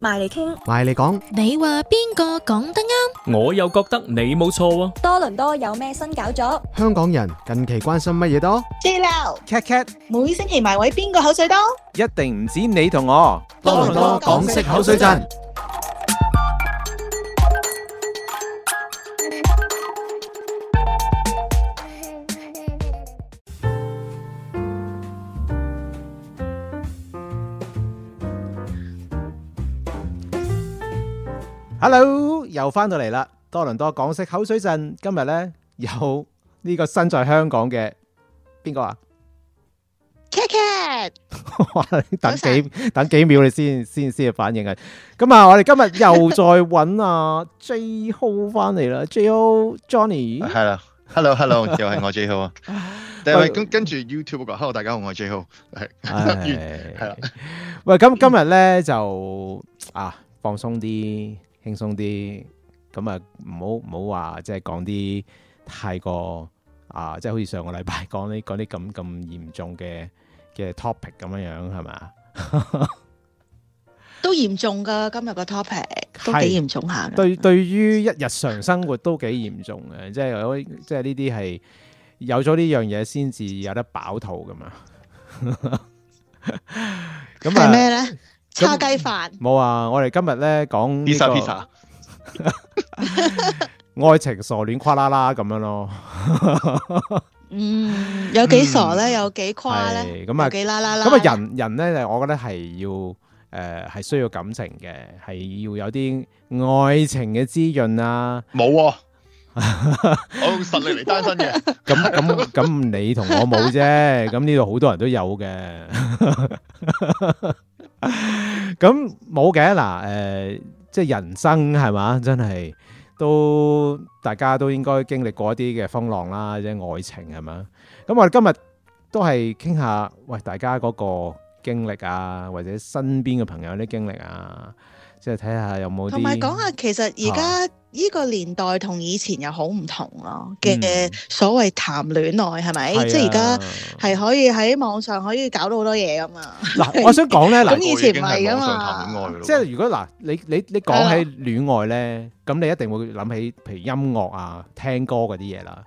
埋嚟傾，埋嚟講，你話邊個講得啱？我又覺得你冇錯。多倫多有咩新搞作？香港人近期關心乜嘢多？JLau、Kat Kat，每星期埋位邊個口水多？一定唔止你同我。多倫多港式口水陣。hello，又翻到嚟啦。多倫多港式口水陣，今日咧有呢個身在香港嘅邊個啊？Kat Kat，卡 等幾等幾秒你先先先反應啊。咁啊，我哋今日又再揾啊 J Ho 翻嚟啦。J Ho Johnny，係啦，hello hello，又係我 J Ho 啊。第一位跟跟住 YouTube 嘅，hello 大家好，我係 J Ho。係係啦，喂，咁今日咧就啊放鬆啲。輕鬆啲，咁啊，唔好唔好話即係講啲太過啊，即係好似上個禮拜講啲講啲咁咁嚴重嘅嘅 topic 咁樣樣係咪？都嚴重噶，今日個 topic 都幾嚴重下。對對於一日常生活都幾嚴重嘅，即係即係呢啲係有咗呢樣嘢，先至有得飽肚噶嘛。咁啊。咁係咩呢？叉雞飯冇啊！我哋今日咧講 pizza pizza，愛情傻戀誇啦啦咁樣咯。嗯，有幾傻咧？有幾誇咧？咁啊，幾啦啦啦！咁啊，人人咧，我覺得係要誒，係需要感情嘅，係要有啲愛情嘅滋潤啊。冇，我用實力嚟單身嘅。咁咁咁，你同我冇啫。咁呢度好多人都有嘅。咁冇嘅嗱，誒、 呃，即係人生係嘛，真係都大家都應該經歷過一啲嘅風浪啦，即係愛情係嘛，咁我哋今日都係傾下喂大家嗰個經歷啊，或者身邊嘅朋友啲經歷啊。即係睇下有冇，同埋講下其實而家呢個年代同以前又好唔同咯嘅，所謂談戀愛係咪？即係而家係可以喺網上可以搞到好多嘢㗎嘛。嗱，我想講咧，嗱，咁以前唔係㗎嘛，即係如果嗱，你你你講起戀愛咧，咁、啊、你一定會諗起譬如音樂啊、聽歌嗰啲嘢啦。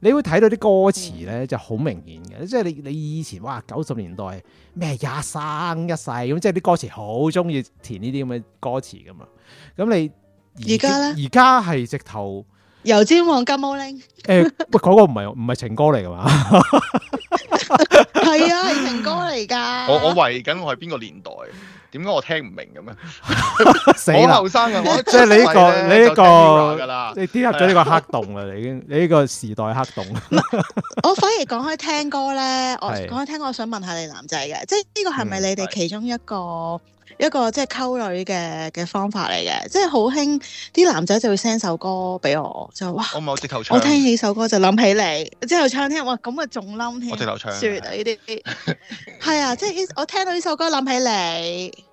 你會睇到啲歌詞咧就好明顯嘅。嗯、即係你你以前哇九十年代咩一生一世咁，即係啲歌詞好中意填呢啲咁嘅歌詞噶嘛。咁你而家咧？而家係直頭油尖旺金毛鈴誒，喂 嗰、欸、個唔係唔係情歌嚟噶嘛？係 啊，係情歌嚟噶 我我懷緊我係邊個年代？點解我聽唔明噉樣？死後生啊！即係 你呢個，你呢個，了了你跌入咗呢個黑洞啦！ 你已經，你呢個時代黑洞。 我反而講開聽歌咧，我講開聽，我想問下你男仔嘅，即係呢個係咪你哋其中一個？一個即係溝女嘅嘅方法嚟嘅，即係好興啲男仔就會 send 首歌俾我，就哇！我唔係我直頭唱，我聽起首歌就諗起你，之後唱聽哇咁啊，仲冧添！我直頭唱，雪啊呢啲係啊，即係、 就是、我聽到呢首歌諗起你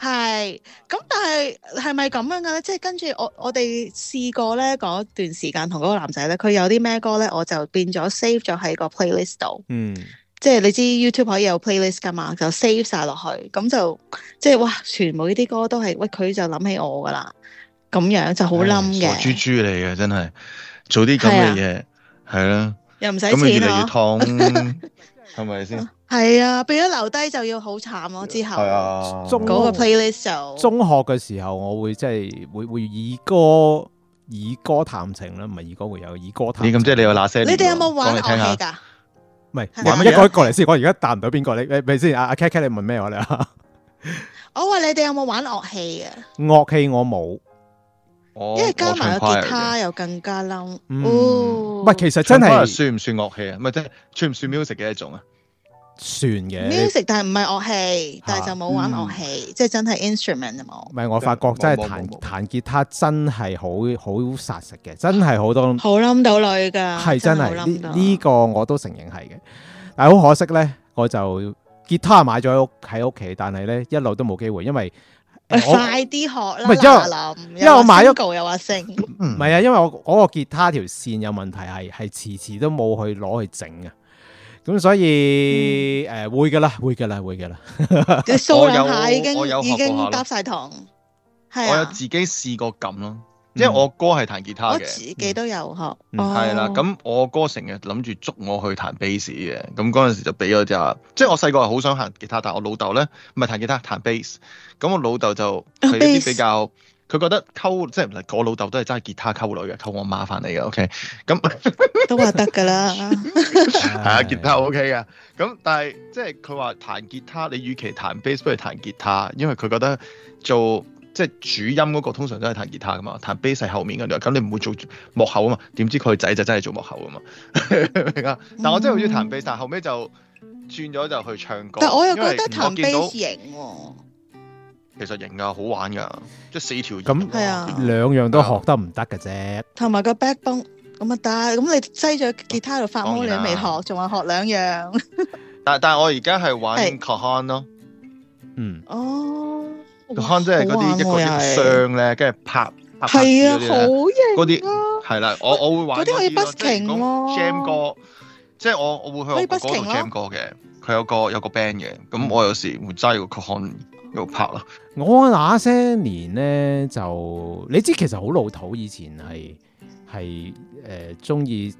係咁，但係係咪咁樣嘅咧？即係跟住我我哋試過咧嗰段時間同嗰個男仔咧，佢有啲咩歌咧，我就變咗 save 咗喺個 playlist 度，嗯。即係你知 YouTube 可以有 playlist 噶嘛，就 save 晒落去，咁就即係哇，全部呢啲歌都係喂佢就諗起我噶啦，咁樣就好冧嘅。傻豬豬嚟嘅真係，做啲咁嘅嘢，係啦，又唔使咁越嚟越痛，係咪先？係啊，啊啊畀咗、 啊、留低就要好慘咯。之後係啊，嗰中個 playlist 就，中學嘅時候我會即係會會以歌以歌談情啦，唔係以歌會有以歌談情。你咁即係你有哪些？你哋有冇玩戲噶？唔係，嗎我一開過嚟先，我而家答唔到邊個你咪先，阿阿 K K，你問咩、啊、我咧、啊？我話你哋有冇玩樂器嘅？樂器我冇，我因為加埋個吉他又更加嬲。唔係，嗯哦、其實真係算唔算樂器啊？唔係，真係算唔算 music 嘅一種啊？算嘅，music 但係唔係樂器，但係就冇玩樂器，即係真係 instrument 就冇。唔係，我發覺真係彈彈吉他真係好好殺食嘅，真係好多好冧到女噶，係真係呢呢個我都承認係嘅。但係好可惜咧，我就吉他買咗喺屋喺屋企，但係咧一路都冇機會，因為快啲學啦，因為我買咗又話升，唔係啊，因為我嗰個吉他條線有問題，係係遲遲都冇去攞去整啊。咁所以誒、呃、會噶啦，會噶啦，會噶啦。你數兩下已經已經搭晒堂，係我有自己試過撳咯，即係、嗯、我哥係彈吉他嘅，我自己都有學。係、嗯、啦，咁我哥成日諗住捉我去彈 bass 嘅，咁嗰陣時就俾咗隻，即係我細個係好想彈吉他，但係我老豆咧唔係彈吉他，彈 bass，咁我老豆就係啲比較。佢覺得溝即係唔係，我老豆都係揸吉他溝女嘅，溝我媽翻嚟嘅，OK、嗯。咁都話得㗎啦。係啊，吉他 OK 嘅。咁但係即係佢話彈吉他，你與其彈 base，不如彈吉他，因為佢覺得做即係主音嗰個通常都係彈吉他㗎嘛，彈 base 係後面嗰啲。咁你唔會做幕後啊嘛？點知佢仔就真係做幕後啊嘛？ 但我真係好中意彈 base，但係後尾就轉咗就去唱歌。但、嗯、我又覺得彈 base 型喎。其實型噶，好玩噶，即係四條。咁係啊，兩樣都學得唔得嘅啫。同埋個 backbone 咁啊得，咁你擠咗吉他又發，毛，你都未學，仲話學兩樣。但係但係我而家係玩 cajon 咯。嗯。哦。Cajon 即係嗰啲一個啲箱咧，跟住拍拍啊，好型！嗰啲係啦。我我會玩嗰啲可以 busking 咯，jam 歌！即係我我會喺我歌度 jam 歌嘅。佢有個有個 band 嘅，咁我有時會揸個 cajon。又拍咯！我那些年咧就，你知其實好老土，以前係係誒中意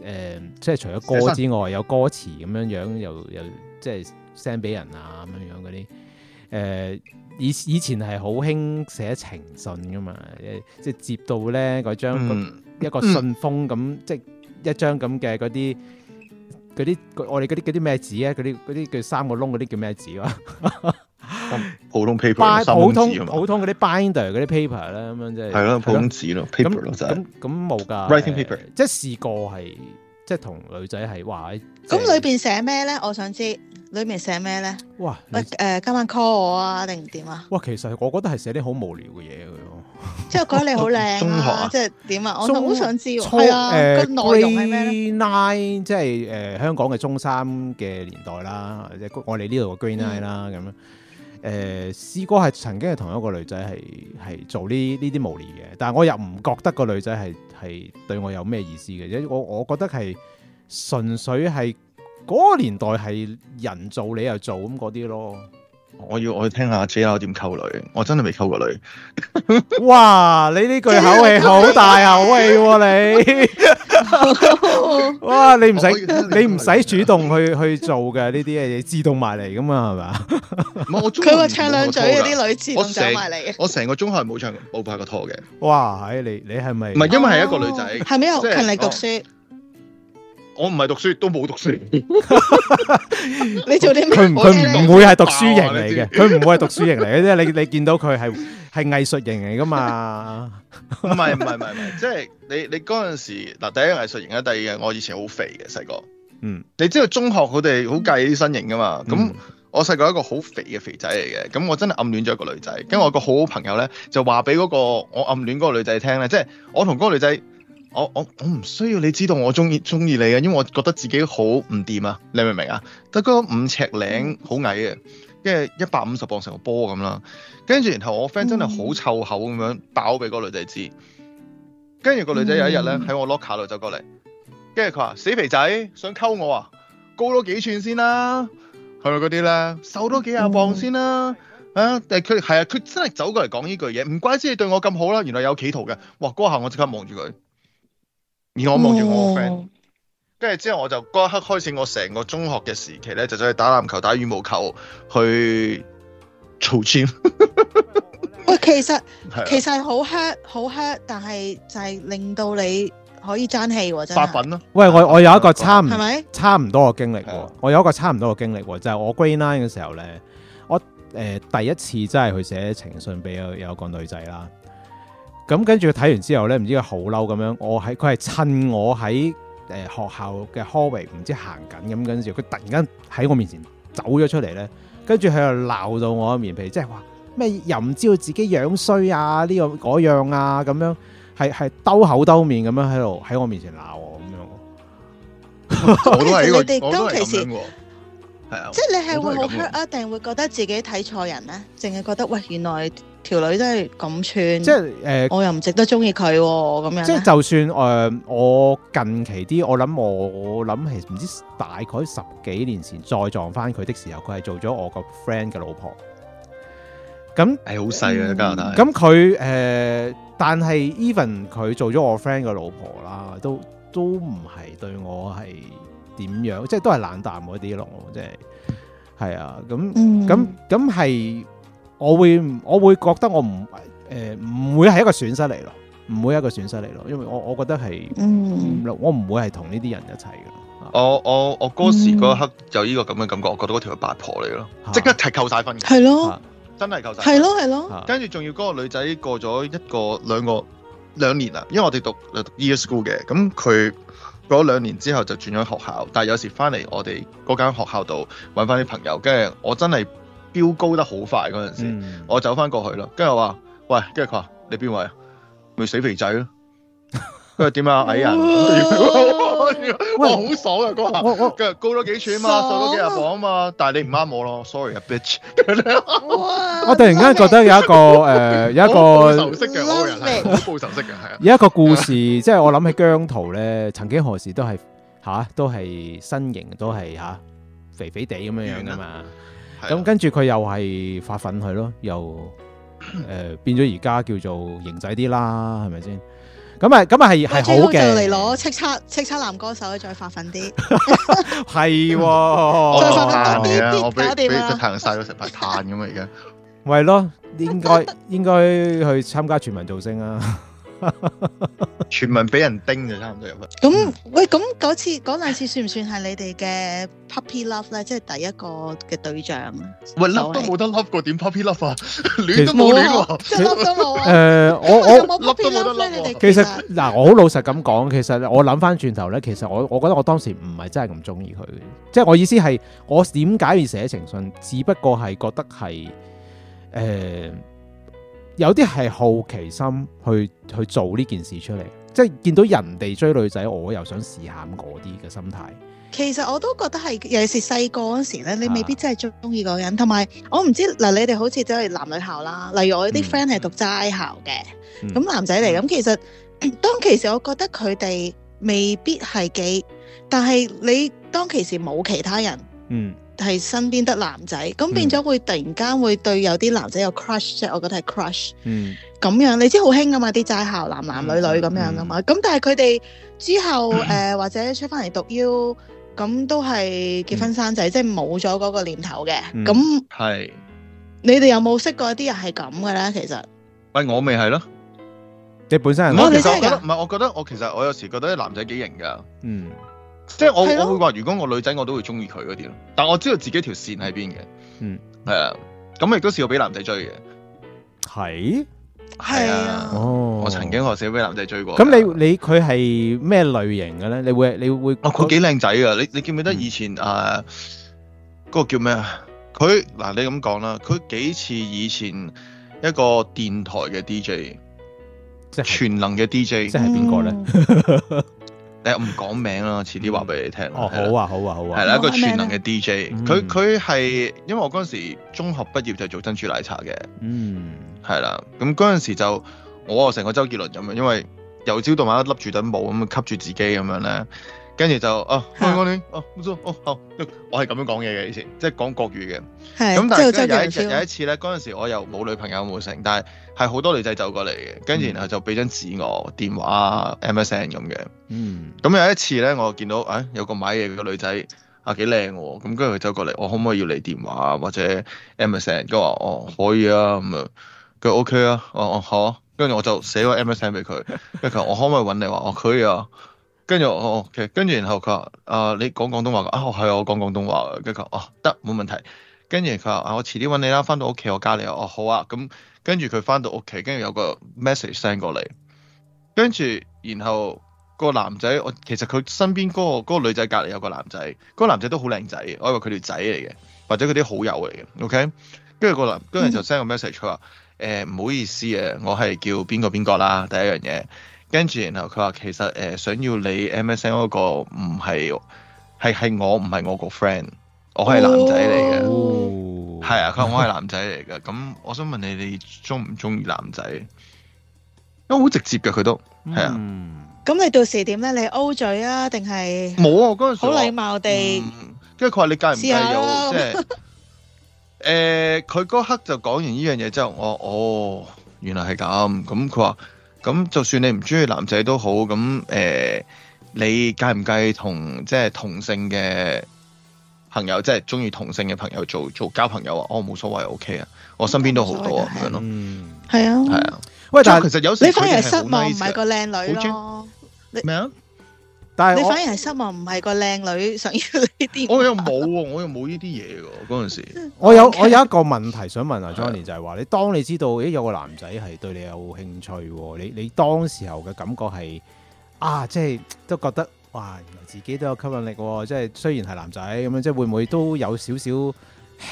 誒，即係除咗歌之外，有歌詞咁樣樣，又又即係 send 俾人啊咁樣樣嗰啲。誒、呃，以以前係好興寫情信噶嘛，即係接到咧嗰張一個信封咁，嗯、即係一張咁嘅嗰啲啲我哋嗰啲啲咩紙啊，嗰啲啲叫三個窿嗰啲叫咩紙啊？ 普通 paper，普通普通嗰啲 Binder 嗰啲 paper 咧，咁樣即係係咯，普通紙咯，paper 咯，就係咁咁冇噶。Writing paper，即係試過係，即係同女仔係，哇！咁裏邊寫咩咧？我想知裏邊寫咩咧？哇！喂，誒，今晚 call 我啊，定點啊？哇，其實係，我覺得係寫啲好無聊嘅嘢嘅，即係講你好靚，中學啊，即係點啊？我好想知，係啊，個內容係咩咧？Grade 9，即係誒，香港嘅中三嘅年代啦，或者我哋呢度嘅 Grade 9啦，咁樣。誒，詩哥係曾經係同一個女仔係係做呢呢啲無聊嘅，但係我又唔覺得個女仔係係對我有咩意思嘅，因為我我覺得係純粹係嗰個年代係人做你又做咁嗰啲咯。我要我去聽下 J Ho 點溝女，我真係未溝過女。 哇，你呢句口氣好大口氣，啊，你 哇，你唔使你唔使主動去去做嘅呢啲嘢，你自動埋嚟噶嘛係咪？佢 個車兩嘴嗰啲女自動走埋嚟。我成個中學冇唱冇拍過拖嘅。哇，係你你係咪唔係因為係一個女仔係咪？我勤力讀書。哦我唔係讀書，都冇讀書。你做啲咩？佢唔佢唔會係讀書型嚟嘅，佢唔會係讀書型嚟嘅。即係 你你見到佢係係藝術型嚟噶嘛？唔係唔係唔係，即係、就是、你你嗰陣時嗱，第一藝術型啦，第二嘅我以前好肥嘅細個，嗯，你知道中學佢哋好計啲身型噶嘛？咁、嗯、我細個一個好肥嘅肥仔嚟嘅，咁我真係暗戀咗一個女仔，跟住我一個好好朋友咧就話俾嗰個我暗戀嗰、就是、個女仔聽咧，即係我同嗰個女仔。我我我唔需要你知道我中意中意你啊，因為我覺得自己好唔掂啊。你明唔明啊？得個五尺零，好矮啊，跟住一百五十磅成個波咁啦。跟住然後我 friend 真係好臭口咁樣爆俾個女仔知。跟住個女仔有一日咧喺我 locker 度走過嚟，跟住佢話：死肥仔，想溝我啊？高多幾寸先啦，啊，係咪嗰啲咧？瘦多幾廿磅先啦。啊！但係佢係啊，佢真係走過嚟講呢句嘢，唔怪之你對我咁好啦。原來有企圖嘅。哇！嗰下我即刻望住佢。而我望住我個 friend，跟住之後我就嗰刻開始，我成個中學嘅時期咧，就走去打籃球、打羽毛球，去操 gym 喂，其實其實係好 hurt，好 hurt，但係就係令到你可以爭氣喎，真係。八品咯、啊。喂，我我有一個差唔係咪差唔多嘅經歷喎，我有一個差唔多嘅經歷喎，就係我 Grade 9嘅時候咧，我誒、呃、第一次真係去寫情信俾有有個女仔啦。咁跟住佢睇完之後咧，唔知佢好嬲咁樣，我喺佢係趁我喺誒學校嘅 hallway 唔知行緊咁跟住，佢突然間喺我面前走咗出嚟咧，跟住佢又鬧到我面皮，即係話咩又唔知道自己樣衰啊呢樣嗰樣啊咁樣，係係兜口兜面咁樣喺度喺我面前鬧我咁樣。我都係、呢個、 你哋我都冇經實對啊，即係你係會好 hurt 啊，定會覺得自己睇錯人咧、啊？淨係覺得喂、呃，原來。條女都係咁串，即係誒，呃、我又唔值得中意佢喎，咁樣。即係就算誒、呃，我近期啲，我諗我諗係唔知大概十幾年前再撞翻佢的時候，佢係做咗我個 friend 嘅老婆。咁係好細嘅加拿大。咁佢誒，但係 even 佢做咗我 friend 嘅老婆啦，都都唔係對我係點樣，即係都係冷淡嗰啲咯，即係係啊，咁咁咁係。我會我會覺得我唔、誒唔會係一個損失嚟咯，唔會一個損失嚟咯，因為我我覺得係嗯，我唔會係同呢啲人一齊噶。我我我嗰時嗰刻有呢個咁嘅感覺，我覺得嗰條八婆嚟咯，即刻係扣晒分。係咯，真係扣晒。係咯係咯，跟住仲要嗰個女仔過咗一個兩個兩年啦，因為我哋讀誒讀 y e school 嘅，咁佢過咗兩年之後就轉咗學校，但係有時翻嚟我哋嗰間學校度揾翻啲朋友，跟住我真係。飆高得好快嗰陣時，我走翻過去啦，跟住我話，喂，跟住佢話，你邊位？咪死肥仔咯！佢話點啊？矮人，我好爽啊！佢話，跟住高咗幾寸啊嘛，瘦咗幾廿磅啊嘛，但係你唔啱我咯，sorry，bitch。我突然間覺得有一個誒，有一個熟悉嘅，我好熟悉嘅，係啊，有一個故事，即係我諗起姜濤咧，曾經何時都係吓，都係身形都係吓肥肥地咁樣樣噶嘛。咁、嗯、跟住佢又係發奮佢咯，又誒、呃、變咗而家叫做型仔啲啦，係咪先？咁啊咁啊係係好嘅。嚟攞叱咤叱咤男歌手再發奮啲。係、 哦、 再發奮多啲，多啲啦。啊、我俾俾太陽曬到成塊炭咁而家咪咯，應該應該去參加全民造星啊！ 全民俾人盯就差唔多入咁，嗯、 喂，咁嗰次嗰兩次算唔算係你哋嘅 puppy love 咧？即、就、係、是、第一個嘅對象戴戴啊？喂 love 都冇得笠 love 過點 puppy love 啊？戀都冇戀，即係都冇誒，我我 puppy love 咩？你哋其實嗱，我好老實咁講，其實我諗翻轉頭咧，其實我我覺得我當時唔係真係咁中意佢嘅，即係我意思係我點解要寫情信？只不過係覺得係誒。呃有啲係好奇心去去做呢件事出嚟，即係見到人哋追女仔，我又想試下我啲嘅心態。其實我都覺得係，尤其是細個嗰時咧，你未必真係中意嗰個人。同埋、啊、我唔知嗱，你哋好似走係男女校啦。例如我啲 friend 係讀齋校嘅，咁、嗯、男仔嚟，咁其實當其時我覺得佢哋未必係幾，但係你當其時冇其他人，嗯。係身邊得男仔，咁變咗會突然間會對有啲男仔有 crush，即我覺得係 crush。嗯，咁樣你知好興噶嘛，啲齋校男男女女咁樣噶嘛，咁、嗯、但係佢哋之後誒、嗯呃、或者出翻嚟讀 U，咁都係結婚生仔，嗯、即係冇咗嗰個念頭嘅。咁係你哋有冇識過啲人係咁嘅咧？其實喂，我咪係咯，你本身、哦、我哋係覺得唔係，我覺得我其實我有時覺得啲男仔幾型噶，嗯。即係我的我會話，如果我女仔，我都會中意佢嗰啲咯。但我知道自己條線喺邊嘅。嗯，係啊，咁亦都試過俾男仔追嘅。係係啊，的哦、我曾經我試俾男仔追過。咁你你佢係咩類型嘅咧？你會你會佢幾靚仔噶？你你記唔記得以前啊，嗰、呃那個叫咩啊？佢嗱，你咁講啦，佢幾似以前一個電台嘅 DJ，即係是全能嘅 DJ，即係邊個咧？ 誒唔講名啦，遲啲話俾你聽，嗯。哦，了好啊，好啊，好啊，係啦了，一個全能嘅 DJ。佢佢係因為我嗰陣時中學畢業就做珍珠奶茶嘅，嗯，係啦。咁嗰陣時就我啊成個周杰倫咁樣，因為由朝到晚一笠住頂帽咁吸住自己咁樣咧。跟住就、ah, 啊啊嗯、哦，安安安哦，冇錯好，我係咁樣講嘢嘅以前，即係講國語嘅。係的。咁但係有有一有一次呢，嗰陣時我又冇女朋友冇成，但係係好多女仔走過嚟嘅。跟住然後就俾張紙，紙我電話 MSN 咁嘅。嗯。咁、嗯、有一次呢，我見到誒、哎、有個買嘢嘅女仔啊幾靚喎，咁跟住佢走過嚟，我可唔可以要你電話或者 MSN？佢話哦可以啊咁樣，佢 OK 啊，哦，我好，跟住我就寫個 MSN 俾佢，跟住佢話我可唔可以揾你話哦可以啊。跟住我，其實跟住然後佢、呃、話：啊，你講廣東話㗎？啊，係啊，我講廣東話。跟住佢話：哦，得冇問題。跟住佢話：啊，我遲啲揾你啦，翻到屋企我加你。哦，好啊，咁跟住佢翻到屋企，跟住有個 message send 過嚟。跟住然後個男仔，我其實佢身邊嗰、嗰個嗰個女仔隔離有個男仔，嗰、嗰個男仔都好靚仔，我以為佢條仔嚟嘅，或者佢啲好友嚟嘅。OK，跟住個男跟住就 send 個 message 佢話：誒唔、呃、好意思啊，我係叫邊個邊個啦，第一樣嘢。跟住，然後佢話其實誒，想要你 M S N 嗰個唔係，係係我唔係我個 friend，我係男仔嚟嘅，係啊、哦，佢話我係男仔嚟嘅。咁 我想問你，你中唔中意男仔？因為好直接嘅佢都係啊。咁、嗯、你到時點咧？你 O 嘴啊，定係冇啊？嗰、那、陣、個、時好禮貌地、嗯，跟住佢話你介唔介意即係？誒，佢嗰刻就講完呢樣嘢之後，我哦，原來係咁。咁佢話。咁就算你唔中意男仔都好，咁誒、呃，你介唔介意同即係同性嘅朋友，即係中意同性嘅朋友做做交朋友啊？我、哦、冇所謂，OK 啊，我身邊都好多啊咁樣咯，係、嗯、啊，係啊。喂，但係是其實有時你反而失望，唔係個靚女咯。咩啊 gen？你 你反而係失望，唔係個靚女想要呢啲。我又冇喎，我又冇呢啲嘢喎。嗰陣時，我有我有一個問題想問啊 Johnny，的就係話你當你知道，咦有個男仔係對你有興趣，你你當時候嘅感覺係啊，即係都覺得哇，原來自己都有吸引力喎。即係雖然係男仔咁樣，即係會唔會都有少少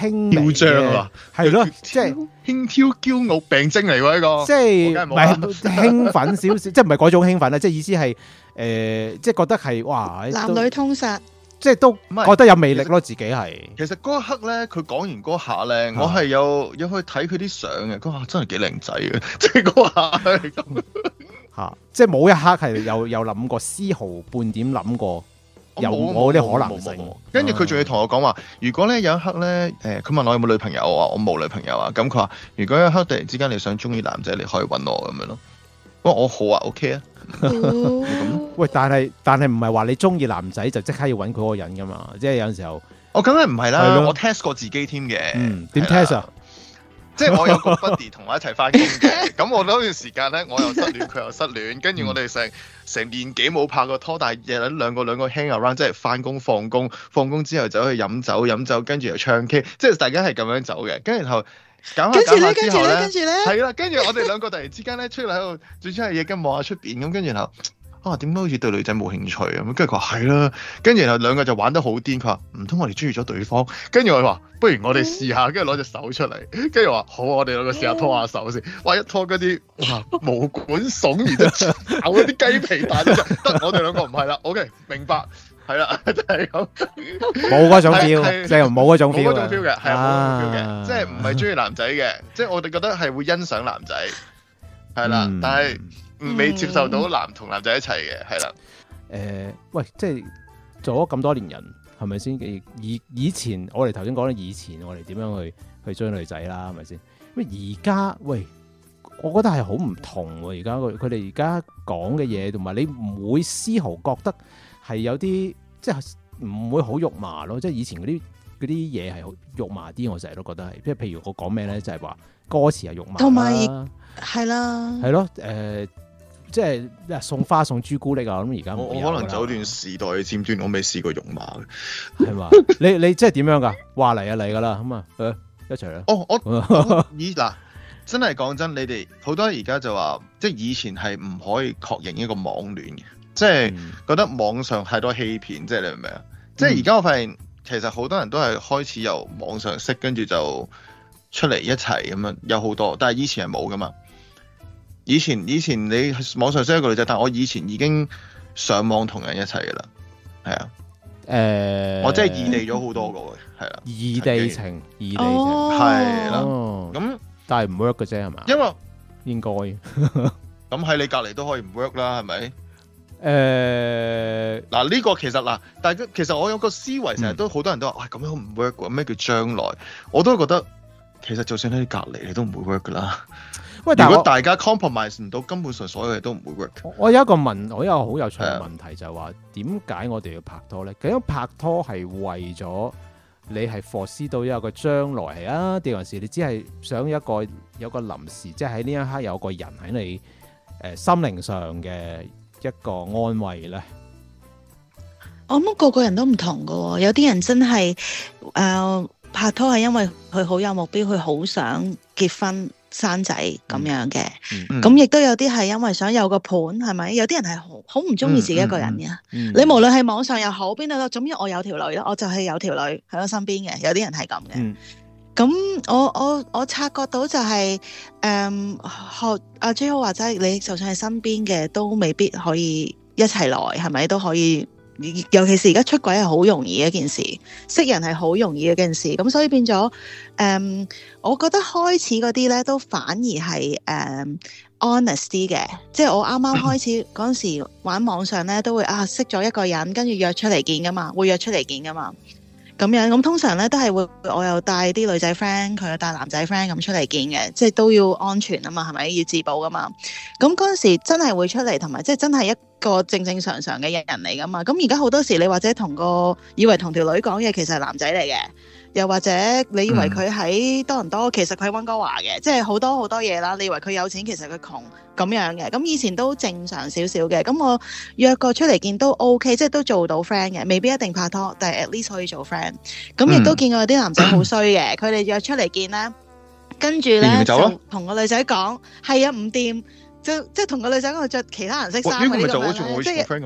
輕傲張啊？係咯了，即係、就是、輕佻、驕傲病、病徵嚟喎呢個。即係唔係興奮少少？ 即係唔係嗰種興奮啊？即係意思係。 誒，即係覺得係哇，男女通殺，即係都覺得有魅力咯，自己係。其實嗰一刻咧，佢講完嗰下咧，我係有有去睇佢啲相嘅，佢話真係幾靚仔嘅，即係嗰下咁。吓，即係冇一刻係有有諗過絲毫半點諗過有冇啲可能性。跟住佢仲要同我講話，如果咧有一刻咧，誒，佢問我有冇女朋友啊，我冇女朋友啊。咁佢話如果有一刻突然之間你想中意男仔，你可以搵我咁樣咯。我好啊，OK 啊，咁 喂，但係但係唔係話你中意男仔就即刻要揾佢嗰個人噶嘛？即係有陣時候，我梗係唔係啦，的我 test 過自己添嘅，點 test、嗯、的啊？即係我有個 buddy 同我一齊翻工嘅，咁 我嗰段時間咧，我又失戀，佢又失戀，跟住 我哋成成年幾冇拍過拖，但係兩兩個兩個，個 hang around，即係翻工、放工、放工之後走去飲酒、飲酒，跟住又唱 K，即係大家係咁樣走嘅，跟住然後。跟住咧，跟住咧， 跟住咧，係啦，跟住我哋兩個突然之間咧，出嚟喺度，最出係亦咁望下出邊，咁跟住然後，啊，點解好似對女仔冇興趣咁？跟住佢話係啦，跟住然後兩個就玩得好癲，佢話唔通我哋中意咗對方？跟住我話，不如我哋試下，跟住攞隻手出嚟，跟住話好，我哋兩個試下拖下手先。哇，一拖嗰啲哇毛管悚然，就咬啲雞皮蛋，得我哋兩個唔係啦。OK，明白。係啦，真係咁，冇嗰種 feel，即係冇嗰種 feel feel 嘅，即係唔係中意男仔嘅，即係我哋覺得係會欣賞男仔，係啦，嗯、但係未接受到男同、嗯、男仔一齊嘅，係啦。誒、呃，喂，即係做咗咁多年人，係咪先？以以前我哋頭先講咧，以前我哋點樣去去追女仔啦，係咪先？咁而家喂，我覺得係好唔同喎，而家佢佢哋而家講嘅嘢，同埋你唔會絲毫覺得。係有啲即係唔會好肉麻咯，即係以前嗰啲啲嘢係好肉麻啲，我成日都覺得係，即係譬如我講咩咧，就係、是、話歌詞係肉麻，同埋係啦，係咯，誒、呃，即係送花送朱古力啊，咁而家我可能我走斷時代嘅尖端，我未試過肉麻係嘛？你 你，你即係點樣噶？話嚟啊嚟噶啦，咁啊、呃，一齊啦！哦，我咦嗱、 啊，真係講真，你哋好多而家就話，即係以前係唔可以確認一個網戀嘅。即係覺得網上太多欺騙，即係你明唔明啊？即係而家我發現，其實好多人都係開始由網上識，跟住就出嚟一齊咁樣，有好多。但係以前係冇噶嘛？以前以前你網上識一個女仔，但我以前已經上網同人一齊噶啦，係啊，誒、欸，我真係異地咗好多個嘅，係啦，啊，異地情，異地情，係啦，咁但係唔 work 嘅啫，係嘛？因為應該咁喺你隔籬都可以唔 work 啦，係咪？誒，嗱呢、欸、個其實嗱，但係其實我有個思維，成日都好多人都話，哇咁、嗯哎、樣唔 work 咩叫將來？我都覺得其實就算喺隔離，你都唔會 work 噶啦。喂，如果大家 compromise 唔到，根本上所有嘢都唔會 work。我有一個問，我有個好有趣嘅問題是的 就係話，點解我哋要拍拖咧？咁樣拍拖係為咗你係 foresee 到有一個將來啊？定還是你只係想一個有個臨時，即係喺呢一刻有個人喺你誒、呃、心靈上嘅？一個安慰咧，我諗個個人都唔同噶，哦，有啲人真係誒、呃、拍拖係因為佢好有目標，佢好想結婚生仔咁樣嘅，咁亦都有啲係因為想有個伴，係咪？有啲人係好好唔中意自己一個人嘅，嗯嗯嗯，你無論係網上又好邊度都好，總之我有條女咯，我就係有條女喺我身邊嘅，有啲人係咁嘅。嗯嗯咁、嗯、我我我察覺到就係誒阿 J Ho 話齋你就算係身邊嘅都未必可以一齊來，係咪都可以？尤其是而家出軌係好容易一件事，識人係好容易嘅件事。咁、嗯、所以變咗誒、嗯，我覺得開始嗰啲咧都反而係誒 honest 啲嘅，即係我啱啱開始嗰陣 時玩網上咧，都會啊識咗一個人，跟住約出嚟見噶嘛，會約出嚟見噶嘛。咁樣咁通常呢都係會，我又帶啲女仔 friend，佢又帶男仔 friend 咁出嚟見嘅，即係都要安全啊嘛，係咪要自保㗎嘛？咁嗰陣時真係會出嚟，同埋即係真係一個正正常常嘅人嚟㗎嘛？咁而家好多時你或者同個以為同條女講嘢，其實係男仔嚟嘅。又或者你以為佢喺多倫多，嗯、其實佢喺溫哥華嘅，即係好多好多嘢啦。你以為佢有錢，其實佢窮咁樣嘅。咁以前都正常少少嘅。咁我約過出嚟見都 OK，即係都做到 friend 嘅，未必一定拍拖，但係 at least 可以做 friend。咁亦、嗯、都見過有啲男仔好衰嘅，佢哋、嗯、約出嚟見咧，跟住咧同個女仔講係啊唔掂、啊，即即係同個女仔講我着其他顏色衫，咁、這個、樣咧、就是啊，即係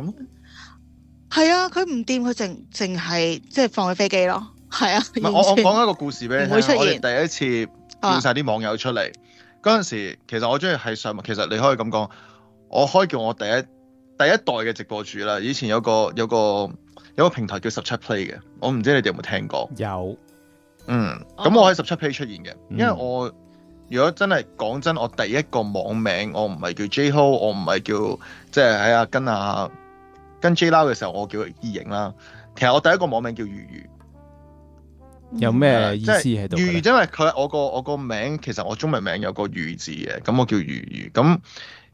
係啊，佢唔掂，佢淨淨係即係放佢飛機咯。係啊，我我講一個故事俾你聽。我哋第一次叫晒啲網友出嚟嗰陣時，其實我中意係上，其實你可以咁講，我可以叫我第一第一代嘅直播主啦。以前有個有個有個平台叫十七 Play 嘅，我唔知你哋有冇聽過？有嗯咁，哦、我喺十七 Play 出現嘅，嗯、因為我如果真係講真，我第一個網名我唔係叫 Jho，我唔係叫即係喺阿跟阿、啊、跟 JLau 嘅時候，我叫二影啦。其實我第一個網名叫魚魚。有咩意思喺度、嗯？呢魚，因為佢我個我個名，其實我中文名有個魚字嘅，咁我叫魚魚。咁誒、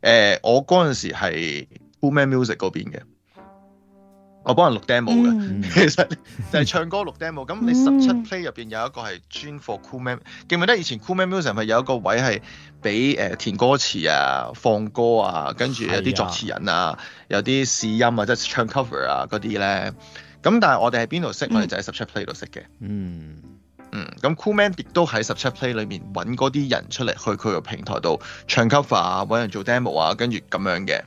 呃，我嗰陣時係 Cool Man Music 嗰邊嘅，我幫人錄 demo 嘅。 其實就係唱歌錄 demo。咁 你十七 Play 入邊有一個係專 for Cool Man。記唔記得以前 Cool Man Music 係咪有一個位係俾誒填歌詞啊、放歌啊，跟住有啲作詞人啊、啊有啲試音啊，即係唱 cover 啊嗰啲咧？咁但係我哋喺邊度識？我哋就喺十七 Play 度識嘅。嗯嗯，咁、嗯、Cool Man 亦都喺十七 Play 裏面揾嗰啲人出嚟去佢個平台度唱 cover 啊，揾人做 demo 啊，跟住咁樣嘅。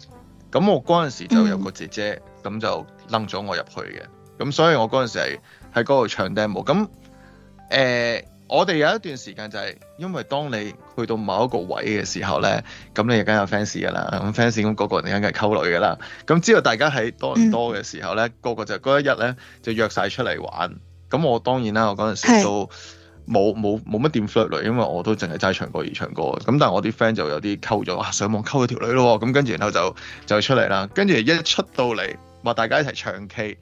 咁我嗰陣時就有個姐姐，咁、嗯、就拎咗我入去嘅。咁所以我嗰陣時係喺嗰度唱 demo。咁、欸、誒。我哋有一段時間就係，是，因為當你去到某一個位嘅時候呢，咁你梗有 fans 嘅啦，咁 fans 咁個個啲梗係溝女嘅啦。咁知道大家喺多唔多嘅時候呢，嗯、個個就嗰一日呢就約晒出嚟玩。咁我當然啦，我嗰陣時都冇冇乜點 flush 女因為我都淨係齋唱歌而唱歌。咁但係我啲 friend 就有啲溝咗，哇、啊！上網溝咗條女咯，咁跟住然後就就出嚟啦。跟住一出到嚟，話大家一齊唱 K，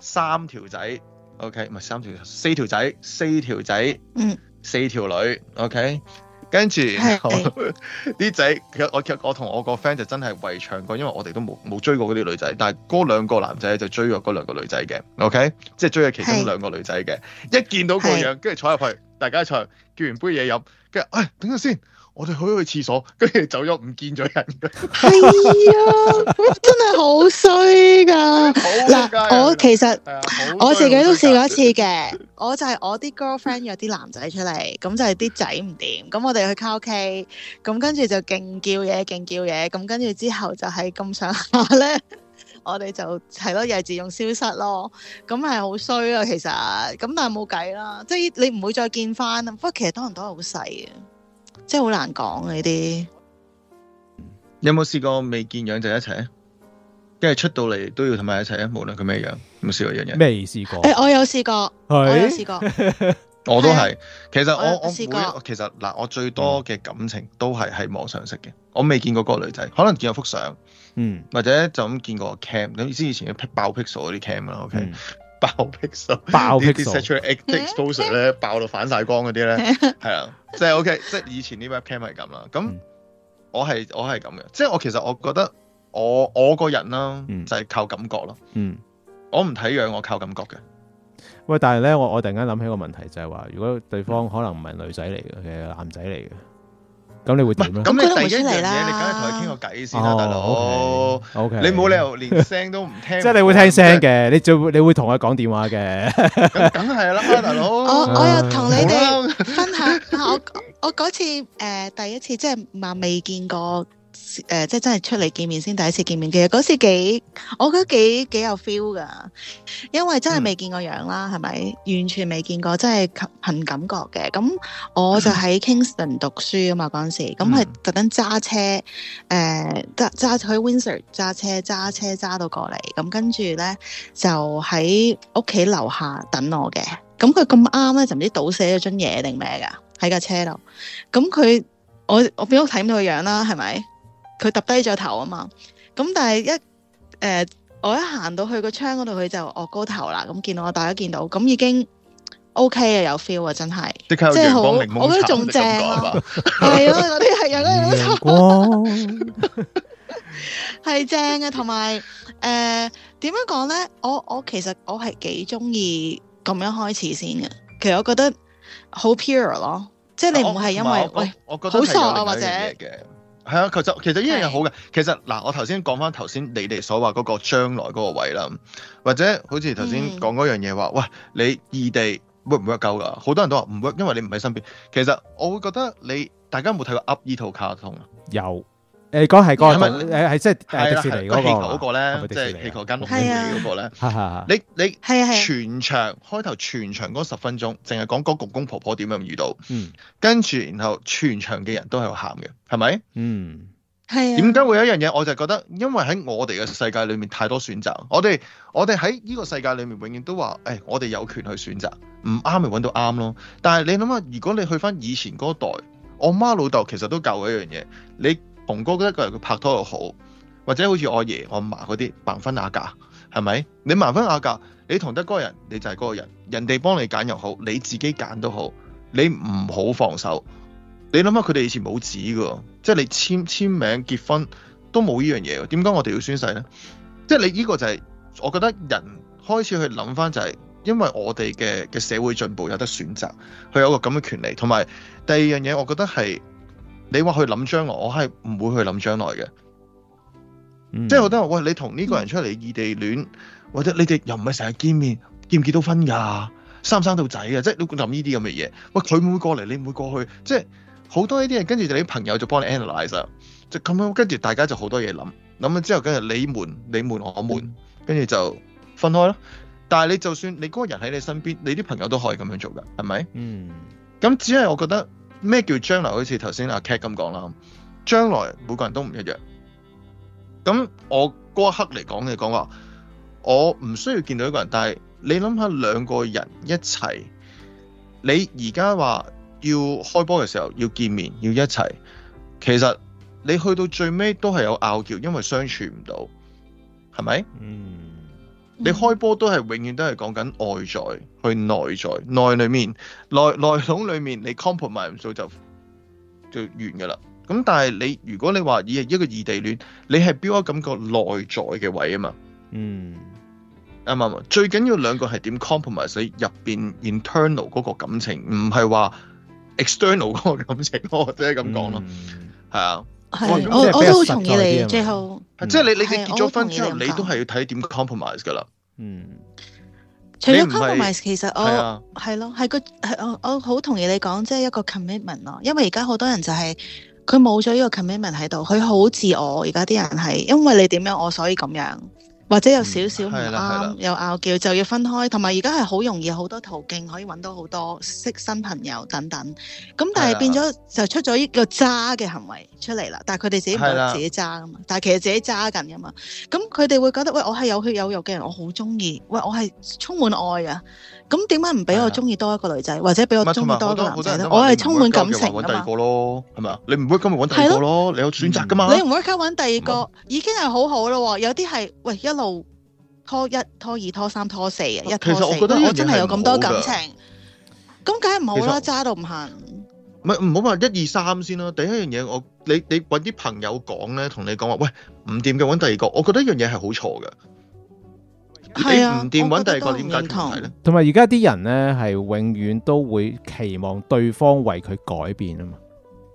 三條仔。O K，唔係三條，四條仔，四條仔，嗯，四條女，O、okay? K，跟住啲仔，其實我我我同我個 friend 就真係圍場過，因為我哋都冇冇追過嗰啲女仔，但係嗰兩個男仔就追咗嗰兩個女仔嘅，O K，即係追咗其中兩個女仔嘅，嗯、一見到個樣，跟住、嗯、坐入去，嗯、大家一坐，叫完杯嘢飲，飲，跟住，唉、哎，等下先。哎我哋去以去廁所，跟住走咗唔見咗人嘅，係啊，真係好衰噶！嗱，我 其實我自己都試過一次嘅，我就係我啲 girlfriend 約啲男仔出嚟，咁就係啲仔唔掂，咁我哋去卡拉 OK，咁、嗯、跟住就勁叫嘢，勁叫嘢，咁跟住之後就係咁上下咧，我哋就係咯，又自動消失咯，咁係好衰啊！其實，咁但係冇計啦，即係你唔會再見翻啊！不過其實多倫多係好細嘅。即係好難講啊！呢啲有冇試過未見樣就一齊？跟住出到嚟都要同埋一齊啊！無論佢咩樣，有冇試過樣樣？未試過誒、欸，我有試過，是我有試過， 我都係。其實我我試過。其實嗱，我最多嘅感情都係喺、嗯、網上識嘅。我未見過嗰個女仔，可能見過幅相，嗯，或者就咁見過 cam 咁意思，以前嘅爆 pixel 所嗰啲 cam 啦。O、okay? K、嗯。爆些爆，i 爆到反晒光嗰啲咧，係啊、 就是 okay，即係 OK，即係以前呢班 webcam 係咁啦。咁我係我係咁嘅，即係我其實我覺得我我個人啦，就係靠感覺咯。嗯，我唔睇樣，我靠感覺嘅。喂，但係咧，我我突然間諗起個問題就係、是、話，如果對方可能唔係女仔嚟嘅，其實男仔嚟嘅。咁你會點咧？咁你第一嚟啦，啊、你梗係同佢傾個偈先啦，大佬。O K，你冇理由連聲都唔聽不。即係 你會聽聲嘅， 你最會你會同佢講電話嘅。梗係啦，大佬。我、啊、我又同你哋分享，沒了 我我嗰次誒、呃、第一次，即係唔係未見過。誒，即係真係出嚟見面先，第一次見面嘅。嗰時幾，我覺得幾幾有 feel 噶，因為真係未見過樣啦，係咪？完全未見過，真係憑感覺嘅。咁我就喺 Kingston 讀書啊嘛，嗰陣時咁係特登揸車，誒揸揸去 Windsor 揸車揸車揸到過嚟，咁跟住咧就喺屋企樓下等我嘅。咁佢咁啱咧，就唔知倒瀉咗樽嘢定咩噶喺架車度。咁佢我我邊度睇唔到佢樣啦，係咪？佢揼低咗頭啊嘛，咁但係一誒、呃、我一行到去個窗嗰度，佢就昂高頭啦，咁見到我大家見到，咁已經 O、OK、K 啊， 有 feel 啊，真係即係好，我覺得仲正係啊，嗰啲係陽光檸檬茶，係正嘅，同埋誒點樣講咧？我我其實我係幾中意咁樣開始先嘅，其實我覺得好 pure 咯，即係你唔係因為喂，我覺得或者……係啊，其實的其實依樣嘢好嘅。其實嗱，我頭先講翻頭先你哋所話嗰個將來嗰個位啦，或者好似頭先講嗰樣嘢話，喂，你異地 work 唔 work 得夠㗎？好多人都話唔 work，因為你唔喺身邊。其實我會覺得你大家有冇睇過 Up 依套卡通啊？有。誒，嗰係嗰個係即係迪士尼嗰、那個嗰咧，係係即係氣球間屋企嗰個咧。 你，你，係。你你全場 開頭全場嗰十分鐘，淨係講嗰公公婆婆點樣遇到。嗯。跟住然後全場嘅人都喺度喊嘅，係咪？嗯。係、啊。點解會有一樣嘢？我就覺得，因為喺我哋嘅世界裏面太多選擇。我哋我哋喺呢個世界裏面，永遠都話誒、哎，我哋有權去選擇，唔啱咪揾到啱咯。但係你諗下，如果你去翻以前嗰代，我媽老豆其實都教我一樣嘢，你。洪哥覺得一個人佢拍拖又好，或者好似我爺我嫲嗰啲盲婚啞嫁，係咪？你盲婚啞嫁，你同得嗰個人你就係嗰個人，人哋幫你揀又好，你自己揀都好，你唔好放手。你諗下佢哋以前冇紙㗎，即係你簽簽名結婚都冇呢樣嘢喎。點解我哋要宣誓呢？即係你呢個就係、是、我覺得人開始去諗返就係，因為我哋嘅嘅社會進步有得選擇，佢有個咁嘅權利。同埋第二樣嘢，我覺得係。你話去諗將來，我係唔會去諗將來嘅，嗯、即係好多喂，你同呢個人出嚟異地戀，嗯、或者你哋又唔係成日見面，結唔結到婚㗎？生唔生到仔㗎？即係諗呢啲咁嘅嘢。喂，佢唔會過嚟，你唔會過去，即係好多呢啲嘢。跟住你啲朋友就幫你 analyse 分析啦，就咁樣跟住大家就好多嘢諗諗咗之後，跟住你悶，你悶我悶，跟住、嗯、就分開咯。但係你就算你嗰個人喺你身邊，你啲朋友都可以咁樣做㗎，係咪？嗯。咁、嗯、只係我覺得。咩叫將來？好似頭先阿 Kat 咁講啦，將來每個人都唔一樣。咁我嗰一刻嚟講嘅講話，我唔需要見到一個人，但係你諗下兩個人一齊，你而家話要開波嘅時候要見面要一齊，其實你去到最尾都係有拗撬，因為相處唔到，係咪？嗯。嗯。你開波都係永遠都係講緊外在。去內在內裏面內內筒裏面，你 compromise 唔到就就完㗎啦。咁但係你如果你話以一個異地戀，你係標咗感覺內在嘅位啊嘛。嗯，啱唔啱？最緊要兩個係點 compromise？入邊 internal 嗰個感情，唔係話 external 嗰個感情，我只係咁講咯。係啊，係我我都好同意你最後。即係你你你結咗婚之後，你都係要睇點 compromise 噶啦。嗯。除咗 compromise，其實我係咯，係個係我我好同意你講，即係一個 commitment 咯。因為而家好多人就係佢冇咗呢個 commitment 喺度，佢好自我。而家啲人係因為你點樣，我所以咁樣。或者有少少唔啱，有、嗯、拗撬就要分開，同埋而家係好容易，好多途徑可以揾到好多識新朋友等等。咁但係變咗的就出咗呢個渣嘅行為出嚟啦。但係佢哋自己冇自己渣㗎嘛，的但係其實自己渣緊㗎嘛。咁佢哋會覺得喂，我係有血有肉嘅人，我好中意。喂，我係充滿愛啊。咁點解唔俾我中意多一個女仔，的或者俾我中意多一個男仔咧？我係充滿感情啊，揾第二個咯，係咪啊？你唔會今日揾第二個咯？你有選擇㗎嘛？你唔會靠揾第二個已經係好好咯喎。有啲係喂一路拖一拖二拖三拖四嘅一，拖其實我覺得我真係有咁多感情，咁梗係唔好啦，揸我到唔行。唔係唔好話一二三先啦，第一樣嘢我你你揾啲朋友講咧，同你講話，喂，唔掂嘅揾第二個，我覺得一樣嘢係好錯嘅。係啊，唔掂揾第二個點解？同埋而家啲人咧，係永遠都會期望對方為佢改變啊嘛，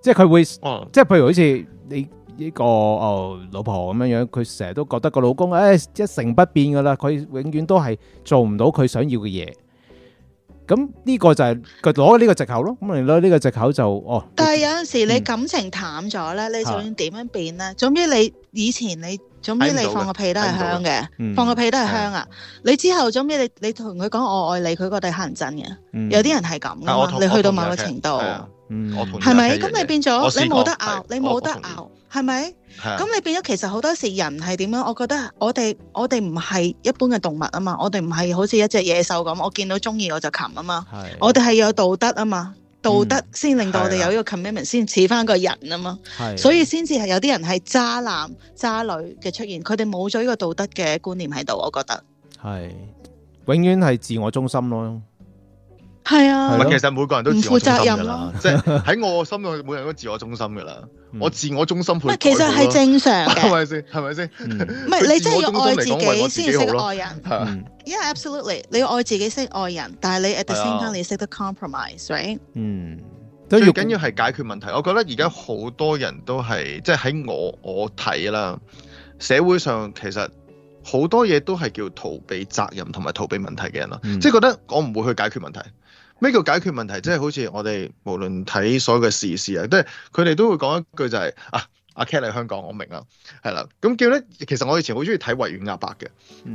即係佢會，嗯、即係譬如好似你。呢個哦老婆咁樣樣，佢成日都覺得個老公誒一成不變噶啦，佢永遠都係做唔到佢想要嘅嘢。咁呢個就係佢攞呢個藉口咯。咁你攞呢個藉口就哦。但係有陣時你感情淡咗咧，你仲要點樣變咧？總之你以前你總之你放個屁都係香嘅，放個屁都係香啊！你之後總之你你同佢講我愛你，佢覺得黑人憎嘅。有啲人係咁，你去到某個程度，嗯，係咪？咁你變咗你冇得拗，你冇得拗。係咪？咁你變咗其實好多時人係點樣？我覺得我哋我哋唔係一般嘅動物啊嘛，我哋唔係好似一隻野獸咁，我見到中意我就擒，啊嘛。是我哋係有道德啊嘛，道德先令到我哋有呢個 commitment 先似翻，嗯啊、個人啊嘛。是所以先至係有啲人係渣男渣女嘅出現，佢哋冇咗呢個道德嘅觀念喺度，我覺得係永遠係自我中心咯。係啊，其實每個人都唔負責任咯，即係喺我心內，每個人都自我中心噶啦。我自我中心，唔係其實係正常嘅，係咪先？係咪先？唔係你真係要愛自己先識愛人，係啊。Yeah, absolutely。你要愛自己，識愛人，但係你 at the same time 你識得 compromise。嗯，最緊要係解決問題。我覺得而家好多人都係即係喺我我睇啦，社會上其實好多嘢都係叫逃避責任同埋逃避問題嘅人咯，即係覺得我唔會去解決問題。咩叫解決問題？即係好似我哋無論睇所有嘅時事啊，都係佢哋都會講一句就係、是、啊，阿、啊、Kat 喺香港，我明啦，係啦。咁叫咧，其實我以前好中意睇維園阿伯嘅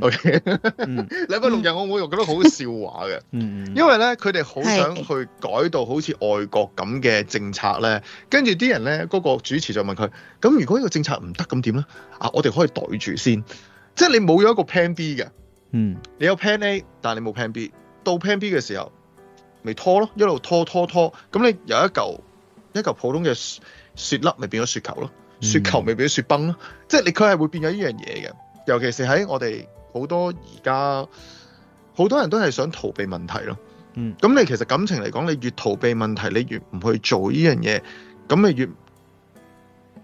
，OK，禮拜六日我會覺得好笑話嘅，嗯、因為咧佢哋好想去改到好似外國咁嘅政策咧，跟住啲人咧嗰、那個主持就問佢：咁如果呢個政策唔得咁點咧？啊，我哋可以袋住先，即係你冇咗一個 Plan B 嘅，嗯，你有 Plan A，但係你冇 Plan B，到 Plan B 嘅時候。咪拖咯，一路拖拖拖，咁你有一嚿一嚿普通嘅雪，雪粒，咪變咗雪球咯，嗯、雪球咪變咗雪崩咯，即係你佢係會變咗呢樣嘢嘅。尤其是喺我哋好多而家好多人都係想逃避問題咯。嗯，咁你其實感情嚟講，你越逃避問題，你越唔去做呢樣嘢，咁你越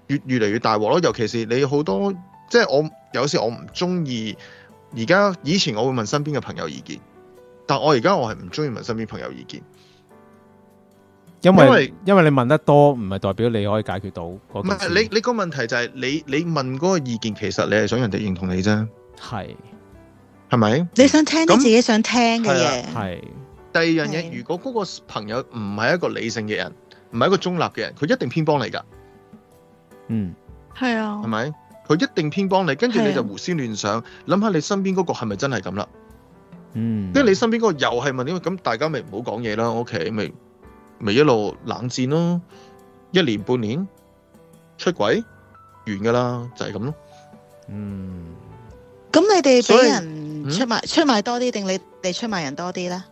越越嚟越大鑊咯。尤其是你好多即係我有時我唔中意，而家以前我會問身邊嘅朋友意見。但我而家我係唔中意問身邊朋友意見，因為因為你問得多，唔係代表你可以解決到你你個問題就係、是、你你問嗰個意見，其實你係想人哋認同你啫，係係咪？吧你想聽你自己想聽嘅嘢。係第二樣嘢，啊啊啊、如果嗰個朋友唔係一個理性嘅人，唔係一個中立嘅人，佢一定偏幫你噶。嗯，係啊，係咪？佢一定偏幫你，跟住你就胡思亂想，諗下、啊、你身邊嗰個係咪真係咁啦。嗯，跟住你身邊嗰個又係問點，咁大家咪唔好講嘢啦，我屋企，咪咪一路冷戰咯，一年半年出軌完噶啦，就係咁咯。嗯，咁你哋俾人出賣出賣多啲定你哋出賣人多啲咧？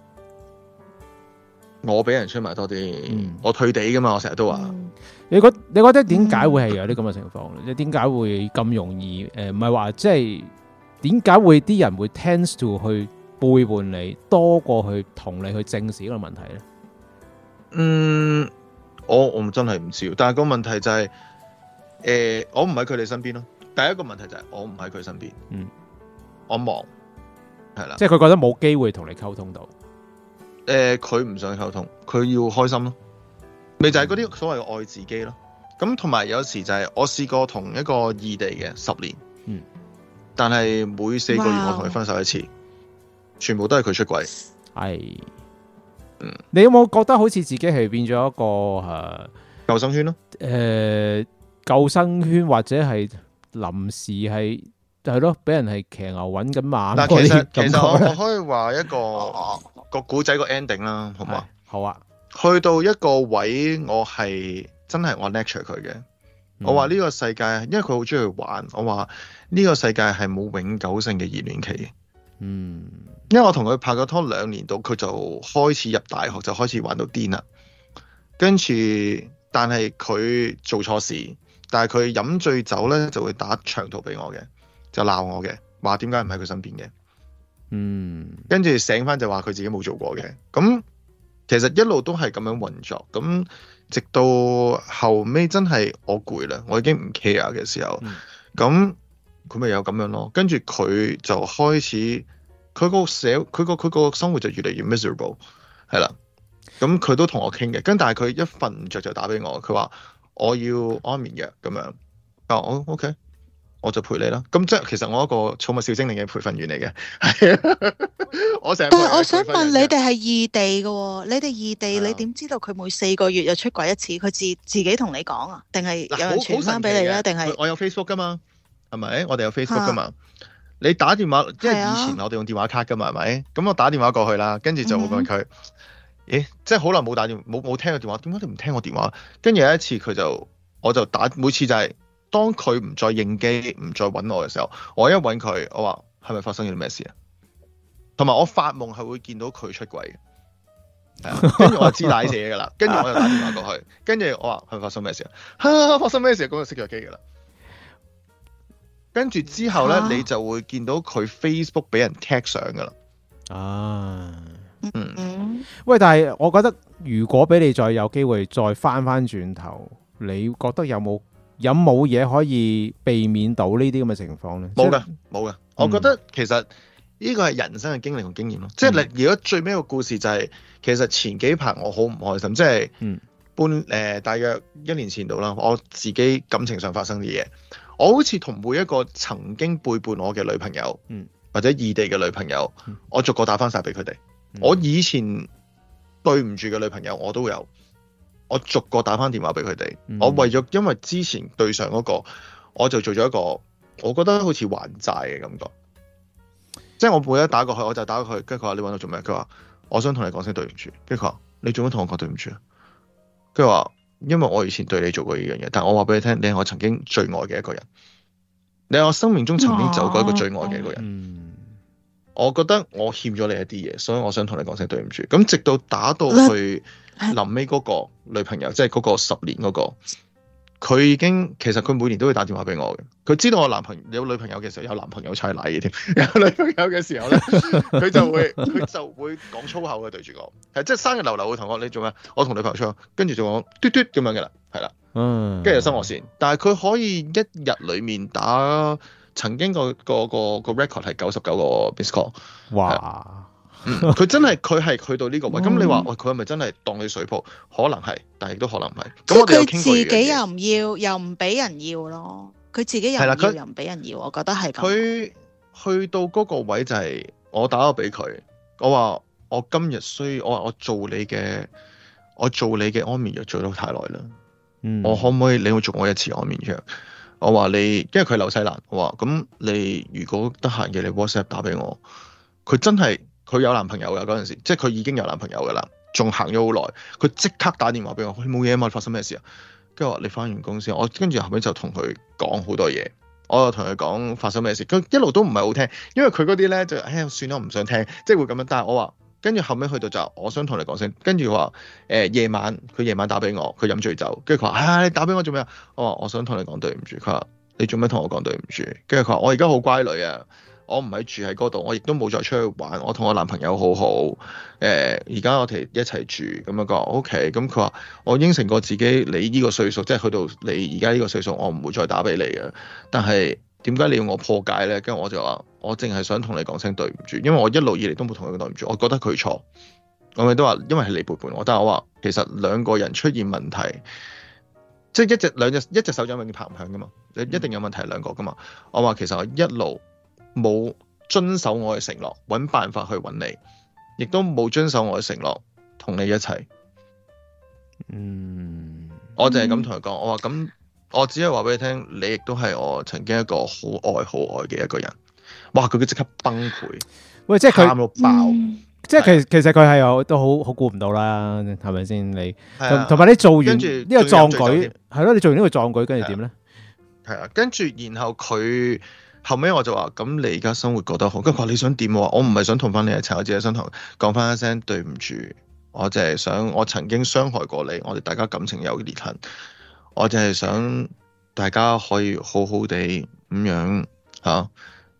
我俾人出賣多啲，嗯、我，我退地噶嘛，我成日都話。你覺你覺得點解會係有啲咁嘅情況咧？即係點解會咁容易？誒、呃，唔係話即係點解會啲人會 tends to 去？背叛你多過去同你去正視呢個問題咧？嗯，我我真係唔知，但係個問題就係，誒，我唔喺佢哋身邊咯。第一個問題就係我唔喺佢身邊。嗯，我忙係啦，即係佢覺得冇機會同你溝通到。誒，佢唔想溝通，佢要開心咯。咪就係嗰啲所謂愛自己咯。咁同埋有時就係我試過同一個異地嘅十年，嗯，但係每四個月我同佢分手一次。全部都係佢出軌，係、哎，嗯，你有冇覺得好似自己係變咗一個誒、啊、救生圈咯、啊？誒、呃，救生圈或者係臨時係係咯，俾人係騎牛揾緊馬。嗱，其實其實我可以話一個、 啊、個古仔個 ending 啦，好嘛、哎？好啊，去到一個位我，我係真係我 lecture 佢嘅。我話呢個世界，因為佢好中意玩，我話呢個世界係冇永久性嘅熱戀期。嗯，因為我同佢拍咗拖兩年度，佢就開始入大學就開始玩到癲啦。跟住，但係佢做錯事，但係佢飲醉酒呢，就會打長途俾我嘅，就鬧我嘅，話點解唔喺佢身邊嘅。嗯，跟住醒翻就話佢自己冇做過嘅。咁其實一路都係咁樣運作，咁直到後尾，真係我攰啦，我已經唔 care 嘅時候，咁、嗯。佢咪有咁樣咯，跟住佢就開始佢個社佢個佢個生活就越嚟越 miserable 係啦，咁佢都同我傾嘅，跟但係佢一瞓唔著就打俾我，佢話我要安眠藥咁樣，啊我 OK，我就陪你啦，咁、嗯、即係其實我一個寵物小精靈嘅培訓員嚟嘅，係啊，我成日。但係我想問、嗯、你哋係異地嘅、哦，你哋異地的你點知道佢每四個月又出軌一次？佢自、啊、自己同你講啊，定係有人傳翻俾你咧？定係我有 Facebook 噶嘛？係咪？我哋有 Facebook 噶嘛？Yeah. 你打電話，即係以前我哋用電話卡噶嘛？係咪 Yeah.？咁我打電話過去啦，跟住就會問佢：，咦、mm hmm. 欸，即係好耐冇打電，冇冇聽過電話？點解你唔聽我電話？跟住有一次佢就，我就打，每次就係、是、當佢唔再應機，唔再揾我嘅時候，我一揾佢，我話係咪發生咗啲咩事啊？同埋我發夢係會見到佢出軌嘅，跟住我就知底寫噶啦。跟住我又打電話過去，跟住我話係咪發生咩事啊？發生咩事？咁就熄咗機噶啦。跟住之後呢，啊、你就會見到佢 Facebook 俾人 tag 上嘅啦。啊，嗯，喂，但係我覺得，如果俾你再有機會再翻翻轉頭，你覺得有冇有冇嘢可以避免到呢啲咁嘅情況呢？冇噶即，冇噶。嗯、我覺得其實呢個係人生嘅經歷同經驗咯。嗯、即係你如果最尾個故事就係、是，其實前幾排我好唔開心，即係半誒大約一年前度啦，我自己感情上發生啲嘢。我好似同每一個曾經背叛我嘅女朋友，嗯、或者異地嘅女朋友，嗯、我逐個打翻晒俾佢哋。嗯、我以前對唔住嘅女朋友，我都有，我逐個打翻電話俾佢哋。嗯、我為咗，因為之前對上嗰個，我就做咗一個，我覺得好似還債嘅感覺。即係我每一打過去，我就打過去，跟住佢話你搵我做咩？佢話我想同你講聲對唔住。跟住佢話你做乜同我講對唔住？跟住佢話。因為我以前對你做過呢樣嘢，但係我話俾你聽，你係我曾經最愛嘅一個人，你係我生命中曾經走過一個最愛嘅一個人。嗯、我覺得我欠咗你一啲嘢，所以我想同你講聲對唔住。咁直到打到去臨尾嗰個女朋友，即係嗰個十年嗰個。佢已經其實佢每年都會打電話俾我嘅，佢知道我男朋友有女朋友嘅時候有男朋友砌禮添，有女朋友嘅時候咧佢 就會佢就會講粗口嘅對住我，係即係生日流流會同我你做咩？我同女朋友唱，跟住就講嘟嘟咁樣嘅啦，係啦，嗯，跟住就生活線，但係佢可以一日裡面打曾經、嗰個、嗰個、嗰個 record 係九十九個 miss call，哇！佢、 嗯、真係佢係去到呢個位，咁、嗯、你話佢係咪真係當你水泡？可能係，但係亦都可能唔係。即佢自己又唔要，又唔俾人要咯。佢自己又唔要， 又唔俾人要，我覺得係咁。佢去到嗰個位就係、是、我打咗俾佢，我話我今日需要，我我做你嘅、我做你嘅安眠藥做得太耐啦。嗯、我可唔可以你可以做我一次安眠藥？我話你，因為佢係紐西蘭，我話咁你如果得閒嘅你 WhatsApp 打俾我，佢真係。佢有男朋友嘅嗰陣時，即係佢已經有男朋友嘅啦，仲行咗好耐。佢即刻打電話俾我，冇嘢啊嘛，發生咩事啊？跟住我話你翻完工先。我跟住後尾就同佢講好多嘢，我又同佢講發生咩事。佢一路都唔係好聽，因為佢嗰啲咧就唉，算啦，唔想聽，即係會咁樣。但係我話，跟住後尾去到就，我想同你講聲。跟住話誒夜晚，佢夜晚打俾我，佢飲醉酒。跟住佢話啊，你打俾我做咩啊？我話我想同你講對唔住。佢話你做咩同我講對唔住？跟住佢話我而家好乖女啊。我唔係住喺嗰度，我亦都冇再出去玩。我同我男朋友好好，誒、呃，而家我哋一齊住咁樣講，OK。咁佢話我應承過自己，你呢個歲數即係去到你而家呢個歲數，我唔會再打俾你嘅。但係點解你要我破戒呢？跟住我就話我淨係想同你講聲對唔住，因為我一路以嚟都冇同佢講對唔住，我覺得佢錯。我咪都話因為係你背叛我，但係我話其實兩個人出現問題，即係一隻兩隻一隻手掌永遠拍唔響噶嘛，你一定有問題係兩個噶嘛。我話其實我一路，冇遵守我嘅承諾，揾辦法去揾你，亦都冇遵守我嘅承諾，同你一齊。嗯，我就係咁同佢講，我話咁，我只係話俾你聽，你亦都係我曾經一個好愛、好愛嘅一個人。哇！佢佢即刻崩潰，喂，即係佢喊到爆，嗯、即係是其實其實佢係有都好好估唔到啦，係咪先？你同同埋你做完呢個壯舉，係咯？你做完呢個壯舉，跟住點咧？係啊，跟住然後佢。後尾我就話：咁你而家生活過得好？跟住話你想點啊？我唔係想同翻你一齊，我自己心頭講翻一聲對唔住，我淨係想我曾經傷害過你，我哋大家感情有裂痕，我淨係想大家可以好好地咁樣嚇、啊、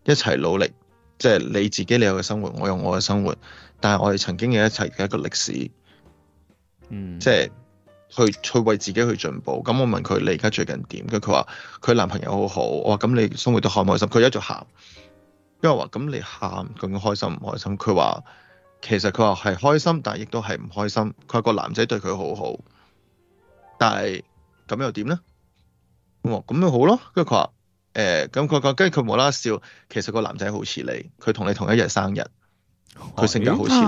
一齊努力，即係你自己你有嘅生活，我有我嘅生活，但係我哋曾經嘅一齊嘅一個歷史，嗯，即係。去去為自己去進步，咁我問佢你而家最近點？跟住佢話佢男朋友好好，我話咁你生活得開唔開心？佢一直喊，因為話咁你喊究竟開心唔開心？佢話其實佢話係開心，但係亦都係唔開心。佢話個男仔對佢好好，但係咁又點呢？我咁咪好咯。跟住佢話誒，咁佢佢跟住佢無啦啦笑，其實個男仔好似你，佢同你同一日生日，佢性格好似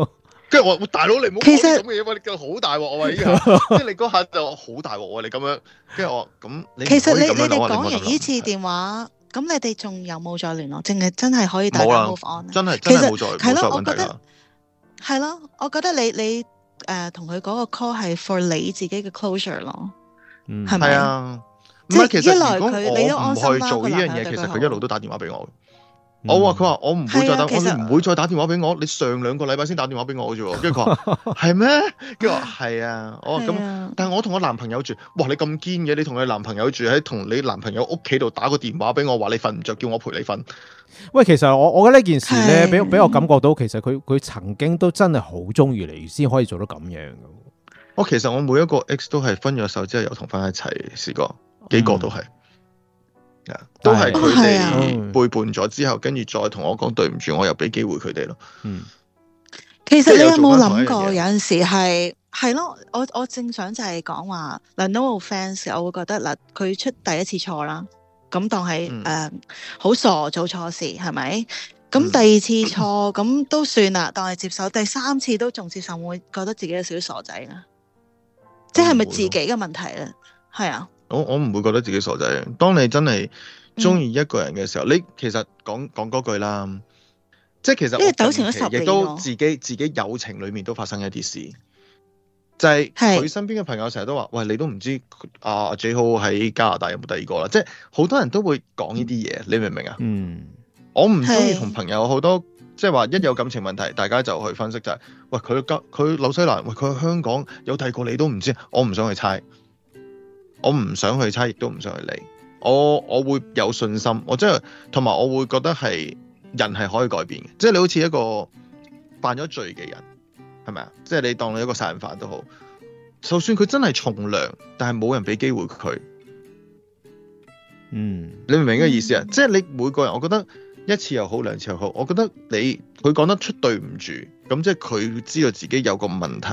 你。 跟住我，大佬你唔好講咁嘅嘢，叫好大鑊。我話依家，即係你嗰下就好大鑊喎，你咁樣。跟住我咁，你其實你你哋講完呢次電話，咁你哋仲有冇再聯絡？淨係真係可以打個 move on？真係真係冇再。係咯，我覺得係咯，我覺得你你誒同佢嗰個 call 係 for 你自己嘅 closure 咯，係咪啊？即係其實如果我唔去做呢樣嘢，其實佢一路都打電話俾我。哦、我話佢話我唔會再打，啊、我唔會再打電話俾我。你上兩個禮拜先打電話俾我嘅啫，跟住佢話係咩？跟住話係啊。啊我話咁，啊、但係我同我男朋友住。哇！你咁堅嘅，你同你男朋友住喺同你男朋友屋企度打個電話俾我，話你瞓唔着，叫我陪你瞓。喂，其實我我覺得呢件事咧，俾俾我感覺到，其實佢佢曾經都真係好中意你，先可以做到咁樣。我、嗯、其實我每一個 X 都係分咗手之後又同翻一齊，試過幾個都係。都係佢哋背叛咗之後， 跟住再同我講對唔住，我又俾機會佢哋咯。嗯，其實你有冇諗過， 有陣時係係咯，我我正想就係講話嗱，no o f a n s 我會覺得嗱，佢出第一次錯啦，咁當係誒好傻做錯事係咪？咁第二次錯咁、嗯、都算啦，當係接受。第三次都仲接受，會覺得自己有少少傻仔是是啊？即係咪自己嘅問題咧？係啊。我唔會覺得自己傻仔嘅。當你真係中意一個人嘅時候，嗯、你其實講講嗰句啦，即係其實亦都自己自己友情裡面都發生一啲事，就係、是、佢身邊嘅朋友成日都話，喂，你都唔知啊，J Ho 喺加拿大有冇第二個啦？即係好多人都會講呢啲嘢，嗯、你明唔明啊？嗯，我唔中意同朋友好多即係話一有感情問題，大家就去分析就係、是，喂，佢佢紐西蘭，喂，佢香港有第二個你都唔知，我唔想去猜。我唔想去猜，亦都唔想去理。我我會有信心，我即係同埋我會覺得係人係可以改變嘅。即係你好似一個犯咗罪嘅人，係咪啊？即係你當你一個殺人犯都好，就算佢真係從良，但係冇人俾機會佢。嗯，你明唔明呢個意思啊？嗯，即係你每個人，我覺得一次又好，兩次又好，我覺得你佢講得出對唔住，咁即係佢知道自己有個問題，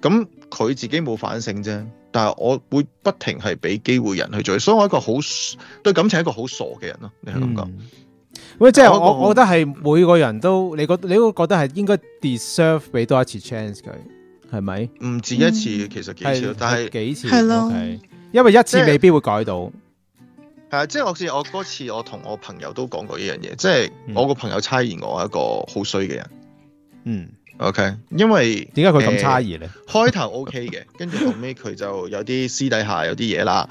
咁。佢自己冇反省啫，但係我會不停係俾機會人去做，所以我係一個好，對感情係一個好傻嘅人咯，你係咁講？喂、嗯，即係是 我我，我覺得係每個人都，你覺得你會覺得係應該 deserve 俾多一次 chance 佢，係咪？唔止一次，嗯、其實幾次，是但係是幾次係咯，的 okay, 因為一次未必會改到。係啊，即係我似我嗰次，我同我朋友都講過呢樣嘢，即係我個朋友猜疑我係一個好衰嘅人，嗯。O、okay. K，因為點解佢咁差異咧、 呃？開頭 O K 嘅，跟住後尾佢就有啲私底下有啲嘢啦。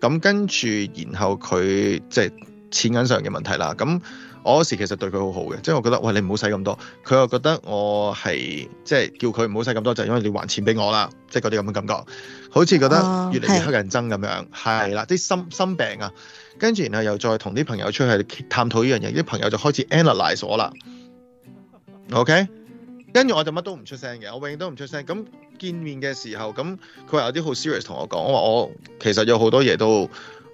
咁跟住，然後佢即係錢銀上嘅問題啦。咁我嗰時其實對佢好好嘅，即係我覺得喂你唔好使咁多。佢又覺得我係即係叫佢唔好使咁多，就係、是、因為你要還錢俾我啦，即係嗰啲咁嘅感覺，好似覺得越嚟越黑人憎咁、啊、樣。係啦，啲心心病啊。跟住然後又再同啲朋友出去探討呢樣嘢，啲朋友就開始 analyse 我啦。O K。跟住我就乜都唔出聲嘅，我永遠都唔出聲。咁見面嘅時候，咁佢話有啲好 serious 同我講，我話我其實有好多嘢都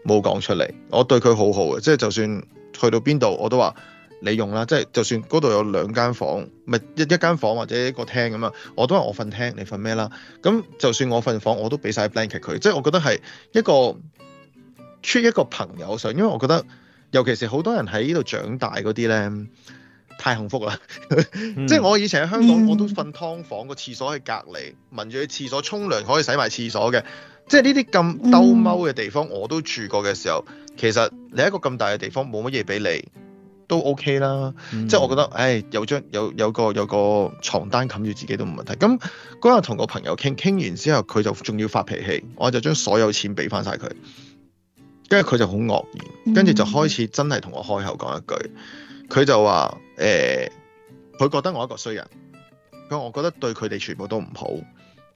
冇講出嚟。我對佢好好嘅，即係就算去到邊度，我都話你用啦。即係就算嗰度有兩間房，咪一一間房或者一個廳咁啊，我都話我瞓廳，你瞓咩啦？咁就算我瞓房，我都俾晒 blanket 佢。即係我覺得係一個出一個朋友上，因為我覺得尤其是好多人喺呢度長大嗰啲咧。太幸福啦、 嗯！即係我以前喺香港，嗯、我都瞓湯房，嗯、個廁所喺隔離，聞住去廁所沖涼可以洗埋廁所嘅。即係呢啲咁兜踎嘅地方，嗯、我都住過嘅時候，其實你一個咁大嘅地方冇乜嘢俾你都 OK 啦。嗯、即係我覺得，唉，有張有有個有個,有個床單冚住自己都冇問題。咁嗰日同個朋友傾傾完之後，佢就仲要發脾氣，我就將所有錢俾翻晒佢，跟住佢就好愕然，跟住就開始真係同我開口講一句。嗯佢就話：誒、欸，佢覺得我一個衰人。佢話我覺得對佢哋全部都唔好。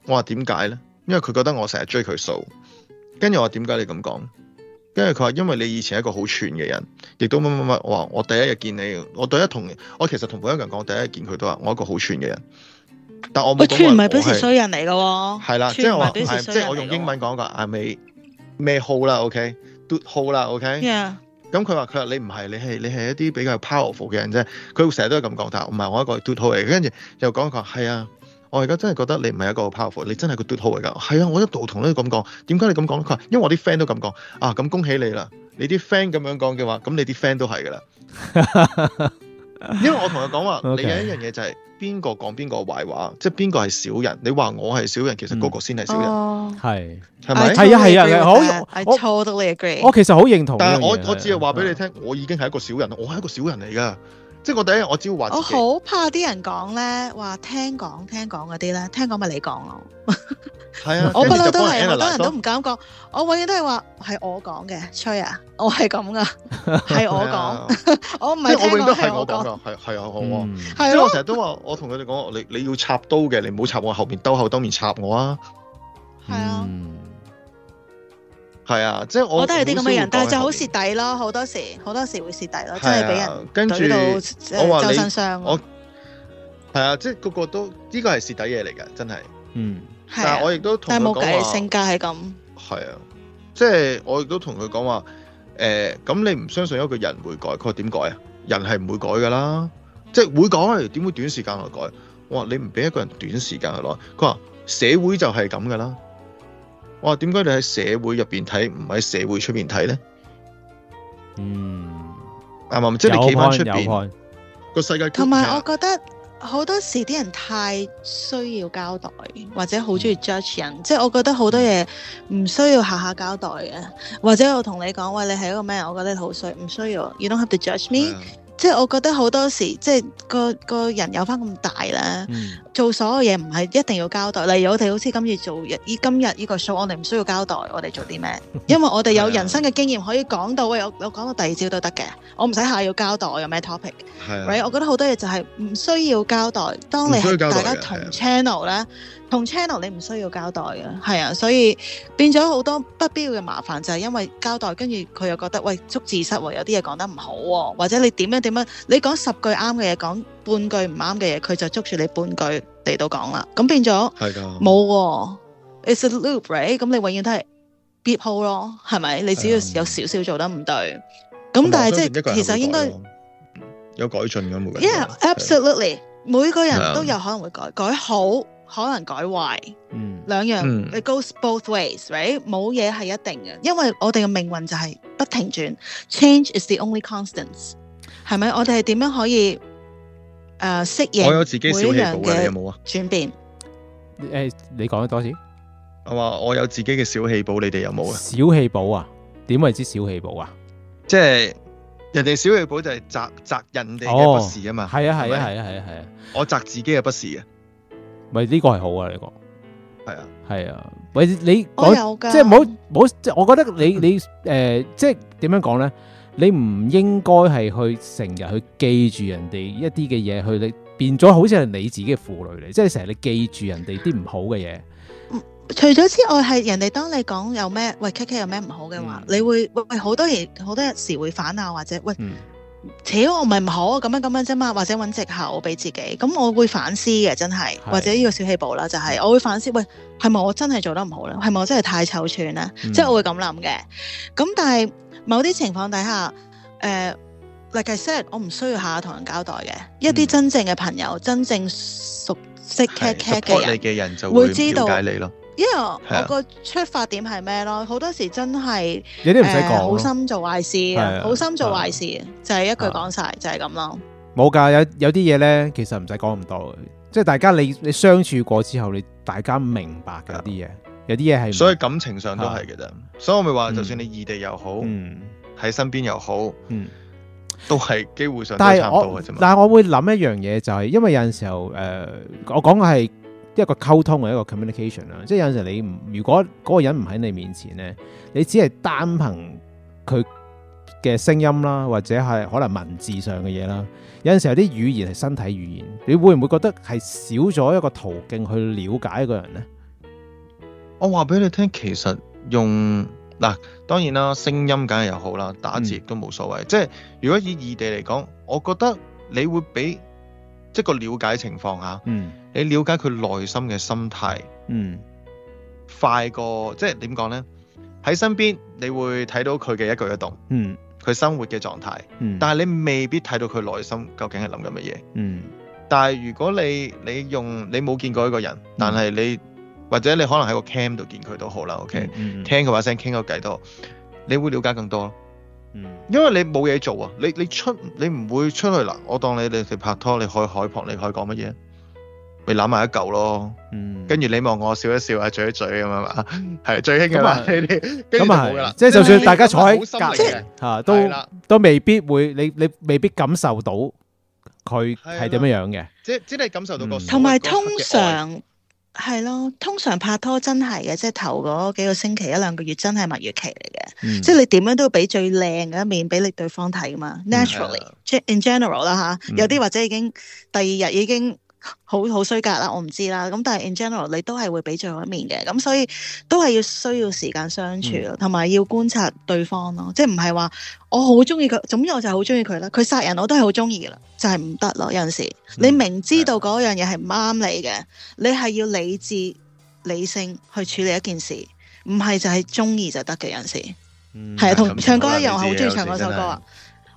我話點解咧？因為佢覺得我成日追佢數。跟住我話點解你咁講？跟住佢話因為你以前係一個好串嘅人，亦都乜乜乜。我話我第一日見你，我第一同我其實同每一個人講，我一第一日見佢都話我一個好串嘅人。但我串唔係表示衰人嚟嘅喎。係啦，即係話即係我用英文講嘅，阿咪咩好啦？OK，嘟，好啦？OK。Yeah. 咁佢話：佢話你唔係，你係你係一啲比較 powerful 嘅人啫。佢成日都係咁講，但係唔係我一個 doer 嚟。跟住又講佢話：係啊，我而家真係覺得你唔係一個 powerful，你真係個 doer 嚟㗎。係啊，我一度同都咁講。點解你咁講？佢話：因為我啲 friend 都咁講。啊，咁、嗯、恭喜你啦！你啲 friend 咁樣講嘅話，咁你啲 friend 都係㗎啦。 因為我同佢講話，okay. 你有一樣嘢就係邊個講邊個壞話，即係邊個係小人。你話我係小人，其實嗰個先係小人，係係咪？係啊係啊，好，I totally agree, I totally agree. 我。我，totally agree. 我其實好認同。但係我我只係話俾你聽，我已經係一個小人，我係一個小人嚟噶。即係我第一日我只要搵，我好怕啲人講咧，話聽講聽講嗰啲咧，聽講咪你講咯。係 啊，我不嬲都係，我可人，人都唔敢講，說我永遠都係話係我講嘅，吹啊，我係咁噶，係、 啊、我講， 我唔係我永遠都係我講，係係、嗯、啊，我，即係我成日都話，我同佢哋講，你你要插刀嘅，你唔好插我後面兜口，當面插我啊，係啊。 係啊，即係我我覺得係啲咁嘅人，但係就好蝕底咯，好多時好多時會蝕底咯，啊、真係俾人跟住到周身傷。傷，我係啊，即係個個都呢、這個係蝕底嘢嚟噶，真係。嗯、啊、但係我亦都同佢冇計，說說性格係咁。係啊，即係我亦都同佢講話，誒、呃，咁你唔相信一個人會改？佢話點改啊？人係唔會改噶啦，即係會改，點會短時間去改？我話你唔俾一個人短時間去攞，佢話社會就係咁噶啦。哇，點解你喺社會入邊睇，唔喺社會出邊睇咧？嗯，啱唔啱？即係你企翻出邊個世界？同埋我覺得好多時啲人太需要交代，或者好中意 judge 人。嗯、即係我覺得好多嘢唔需要下下交代嘅，或者我同你講，喂，你係一個咩人，我覺得你好衰，唔需要。You don't have to judge me，嗯。嗯。即係我覺得好多時，即係個個人有翻咁大咧，嗯、做所有嘢唔係一定要交代。例如我哋好似今次做依今日呢個 show，我哋唔需要交代我哋做啲咩，因為我哋有人生嘅經驗可以講到， 喂，我我講到第二招都得嘅，我唔使下要交代我有咩 topic，啊。係，我我覺得好多嘢就係唔需要交代。當你係大家同 channel 咧，同 channel 你唔需要交代嘅，係啊，啊，所以變咗好多不必要嘅麻煩，就係，是，因為交代，跟住佢又覺得喂，捉字蝨，有啲嘢講得唔好，或者你點樣咁啊！你講十句啱嘅嘢，講半句唔啱嘅嘢，佢就捉住你半句嚟到講啦。咁變咗冇，it's a loop right？咁你永遠都係 beep hole 咯，係咪？你只要有少少，少做得唔對，咁的但係即係其實應該有改進咁每個人 yeah, absolutely，的每個人都有可能會改改好，可能改壞，嗯，兩樣，你、嗯、goes both ways，right？冇嘢係一定嘅，因為我哋嘅命運就係不停轉，change is the only constant。係咪？我哋係點樣可以誒適應？我有自己小氣寶嘅，你有冇啊？轉變誒，你講多次。我話我有自己嘅小氣寶，你哋有冇啊？小氣寶啊？點為之小氣寶啊？即係人哋小氣寶就係摘摘人哋嘅不是啊嘛。係啊係啊係啊係啊係啊！我摘自己嘅不是啊。咪呢個係好啊！呢個係啊係啊，喂你講我有噶，即係唔好好，即係我覺得你你誒、呃，即係點樣講咧？你唔應該係去成日去記住人哋一啲嘅嘢，去你變咗好似係你自己嘅負累嚟，即係成日你記住人哋啲唔好嘅嘢。除咗之外，係人哋當你講有咩喂 K K 有咩唔好嘅話，嗯、你會喂好多嘢好多時會反啊，或者喂，扯、嗯、我唔係唔好咁樣咁樣啫嘛，或者揾藉口俾自己。咁我會反思嘅，真係是或者呢個小氣步啦，就係、是、我會反思喂。係咪我真係做得唔好咧？係咪我真係太醜串咧？即係我會咁諗嘅。咁但係某啲情況底下，誒，like I say，我唔需要下同人交代嘅。一啲真正嘅朋友，真正熟悉 Kat Kat 嘅人嘅人就會了解你咯。因為我個出發點係咩咯？好多時真係有啲唔使講，好心做壞事，好心做壞事就係一句講晒，就係咁咯。冇噶，有有啲嘢咧，其實唔使講咁多。即係大家你你相處過之後，你大家明白嘅啲嘢，嗯、有啲嘢係唔同，所以感情上都係嘅咋，啊、所以我咪話，就算你異地又好，喺、嗯、身邊又好嗯，嗯，都係機會上都差唔多嘅啫。但係我會諗一樣嘢，就是，就係因為有陣時候，誒、呃，我講嘅係一個溝通啊，一個 communication 啦。即係有陣時你如果嗰個人唔喺你面前咧，你只係單憑佢。嘅聲音啦，或者係可能文字上嘅嘢啦，有陣時候啲語言係身體語言，你會唔會覺得係少咗一個途徑去了解一個人呢？我話俾你聽，其實用嗱當然啦，聲音梗係又好啦，打字亦都冇所謂。嗯、即係如果以異地嚟講，我覺得你會比即係個了解情況吓，嗯，你了解佢內心嘅心態，嗯，快過即係點講呢？喺身邊你會睇到佢嘅一舉一動，嗯。佢生活嘅狀態，但係你未必睇到佢內心究竟係諗緊乜嘢。嗯，但係如果你你用你冇見過一個人，嗯、但係你或者你可能喺個 cam 度見佢都好啦。OK，嗯嗯、聽佢把聲，傾個偈都，你會了解更多咯。嗯，因為你冇嘢做啊，你你出你唔會出去嗱。我當你哋拍拖，你可以海旁，你可以講乜嘢？你諗埋一嚿咯，跟住你望我笑一笑啊，嘴一嘴咁啊嘛，係最興噶啦。咁啊係，即係就算大家坐喺隔籬嘅吓，都都未必會你你未必感受到佢係點樣樣嘅。即係即係感受到個。同埋通常係咯，通常拍拖真係嘅，即係頭嗰幾個星期一兩個月真係蜜月期嚟嘅。即係你點樣都要俾最靚嘅一面俾你對方睇噶嘛。Naturally in general 啦吓，有啲或者已經第二日已經。好好衰格啦，我唔知啦。咁但係 in general 你都係會俾最後一面嘅，咁所以都係要需要時間相處咯，同埋、嗯、要觀察對方咯。即係唔係話我好中意佢，總之我就好中意佢啦。佢殺人我都係好中意啦，就係唔得咯。有陣時你明知道嗰樣嘢係唔啱你嘅，你係要理智理性去處理一件事，唔係就係中意就得嘅。有陣時係、嗯、啊，嗯、同唱歌一樣，我好中意唱嗰首歌啊。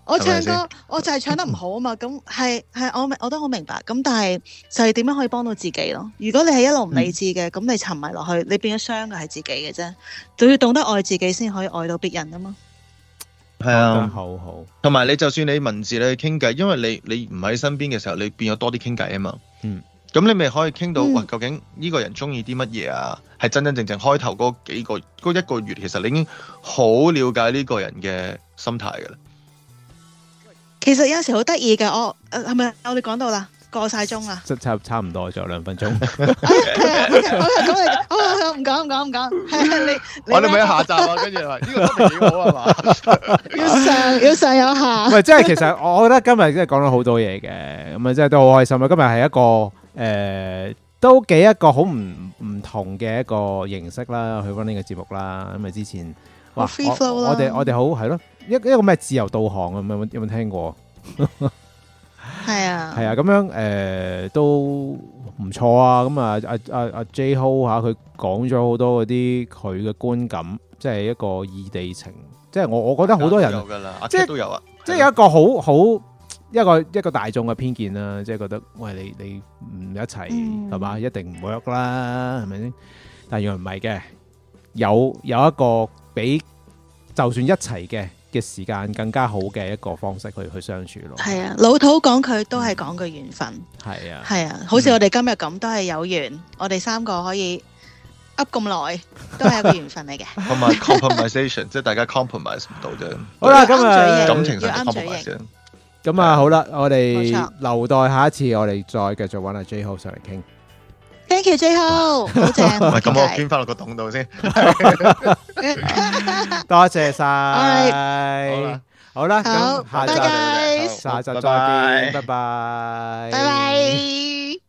我唱歌，我就係唱得唔好啊嘛，咁係係我我都好明白。咁但係就係點樣可以幫到自己咯？如果你係一路唔理智嘅，咁、嗯、你沉迷落去，你變咗傷嘅係自己嘅啫。就要懂得愛自己，先可以愛到別人啊嘛。係啊，好，的好好。同埋你就算你文字咧傾偈，因為你你唔喺身邊嘅時候，你變咗多啲傾偈啊嘛。嗯。咁你咪可以傾到，喂，究竟呢個人中意啲乜嘢啊？係真、嗯、真正正，正開頭嗰幾個嗰、嗰、一個月，其實你已經好了解呢個人嘅心態噶啦。其實有時好得意嘅，我誒係咪？我哋講到啦，過晒鐘啦，差差唔多，仲有兩分鐘。係啊，我講你，我唔講唔講唔講，係啊你。我哋咪下集啊，跟住呢個都唔好係嘛？要上要上有下。唔係，即係其實我我覺得今日即係講咗好多嘢嘅，咁啊真係都好開心啊！今日係一個誒都幾一個好唔唔同嘅一個形式啦，去搵呢個節目啦，咁啊之前。我哋我哋好係咯，一一個咩自由導航啊？有冇有冇聽過？係 的、呃、啊，係啊，咁樣誒都唔錯啊！咁啊啊啊啊！J Ho 吓佢講咗好多嗰啲佢嘅觀感，即係一個異地情，即係我我覺得好多人有噶啦，阿杰都有啊，即係有一個的好好一個一個大眾嘅偏見啦，即係覺得喂，你你唔一齊係嘛，一定唔 work 啦，係咪先？但係又唔係嘅，有有，有，有，有一個。俾就算一齊嘅嘅時間更加好嘅一個方式去去相處咯。係啊，老土講佢都係講句「緣分」。係啊，係啊，好似我哋今日咁、嗯、都係有緣，我哋三個可以 up 咁耐，都係一個緣分嚟嘅。同埋 compromisation，即係大家 compromise 唔到啫。好啦，咁啊感情上都 compromise 啫。咁啊好啦，我哋留待下一次，我哋再繼續揾阿 J Ho 上嚟傾。Ho, thank you，最後好正。唔係咁我捐翻落個桶度先，多謝晒。拜拜，好啦，好啦，好，拜拜，下集再見，拜拜，拜拜。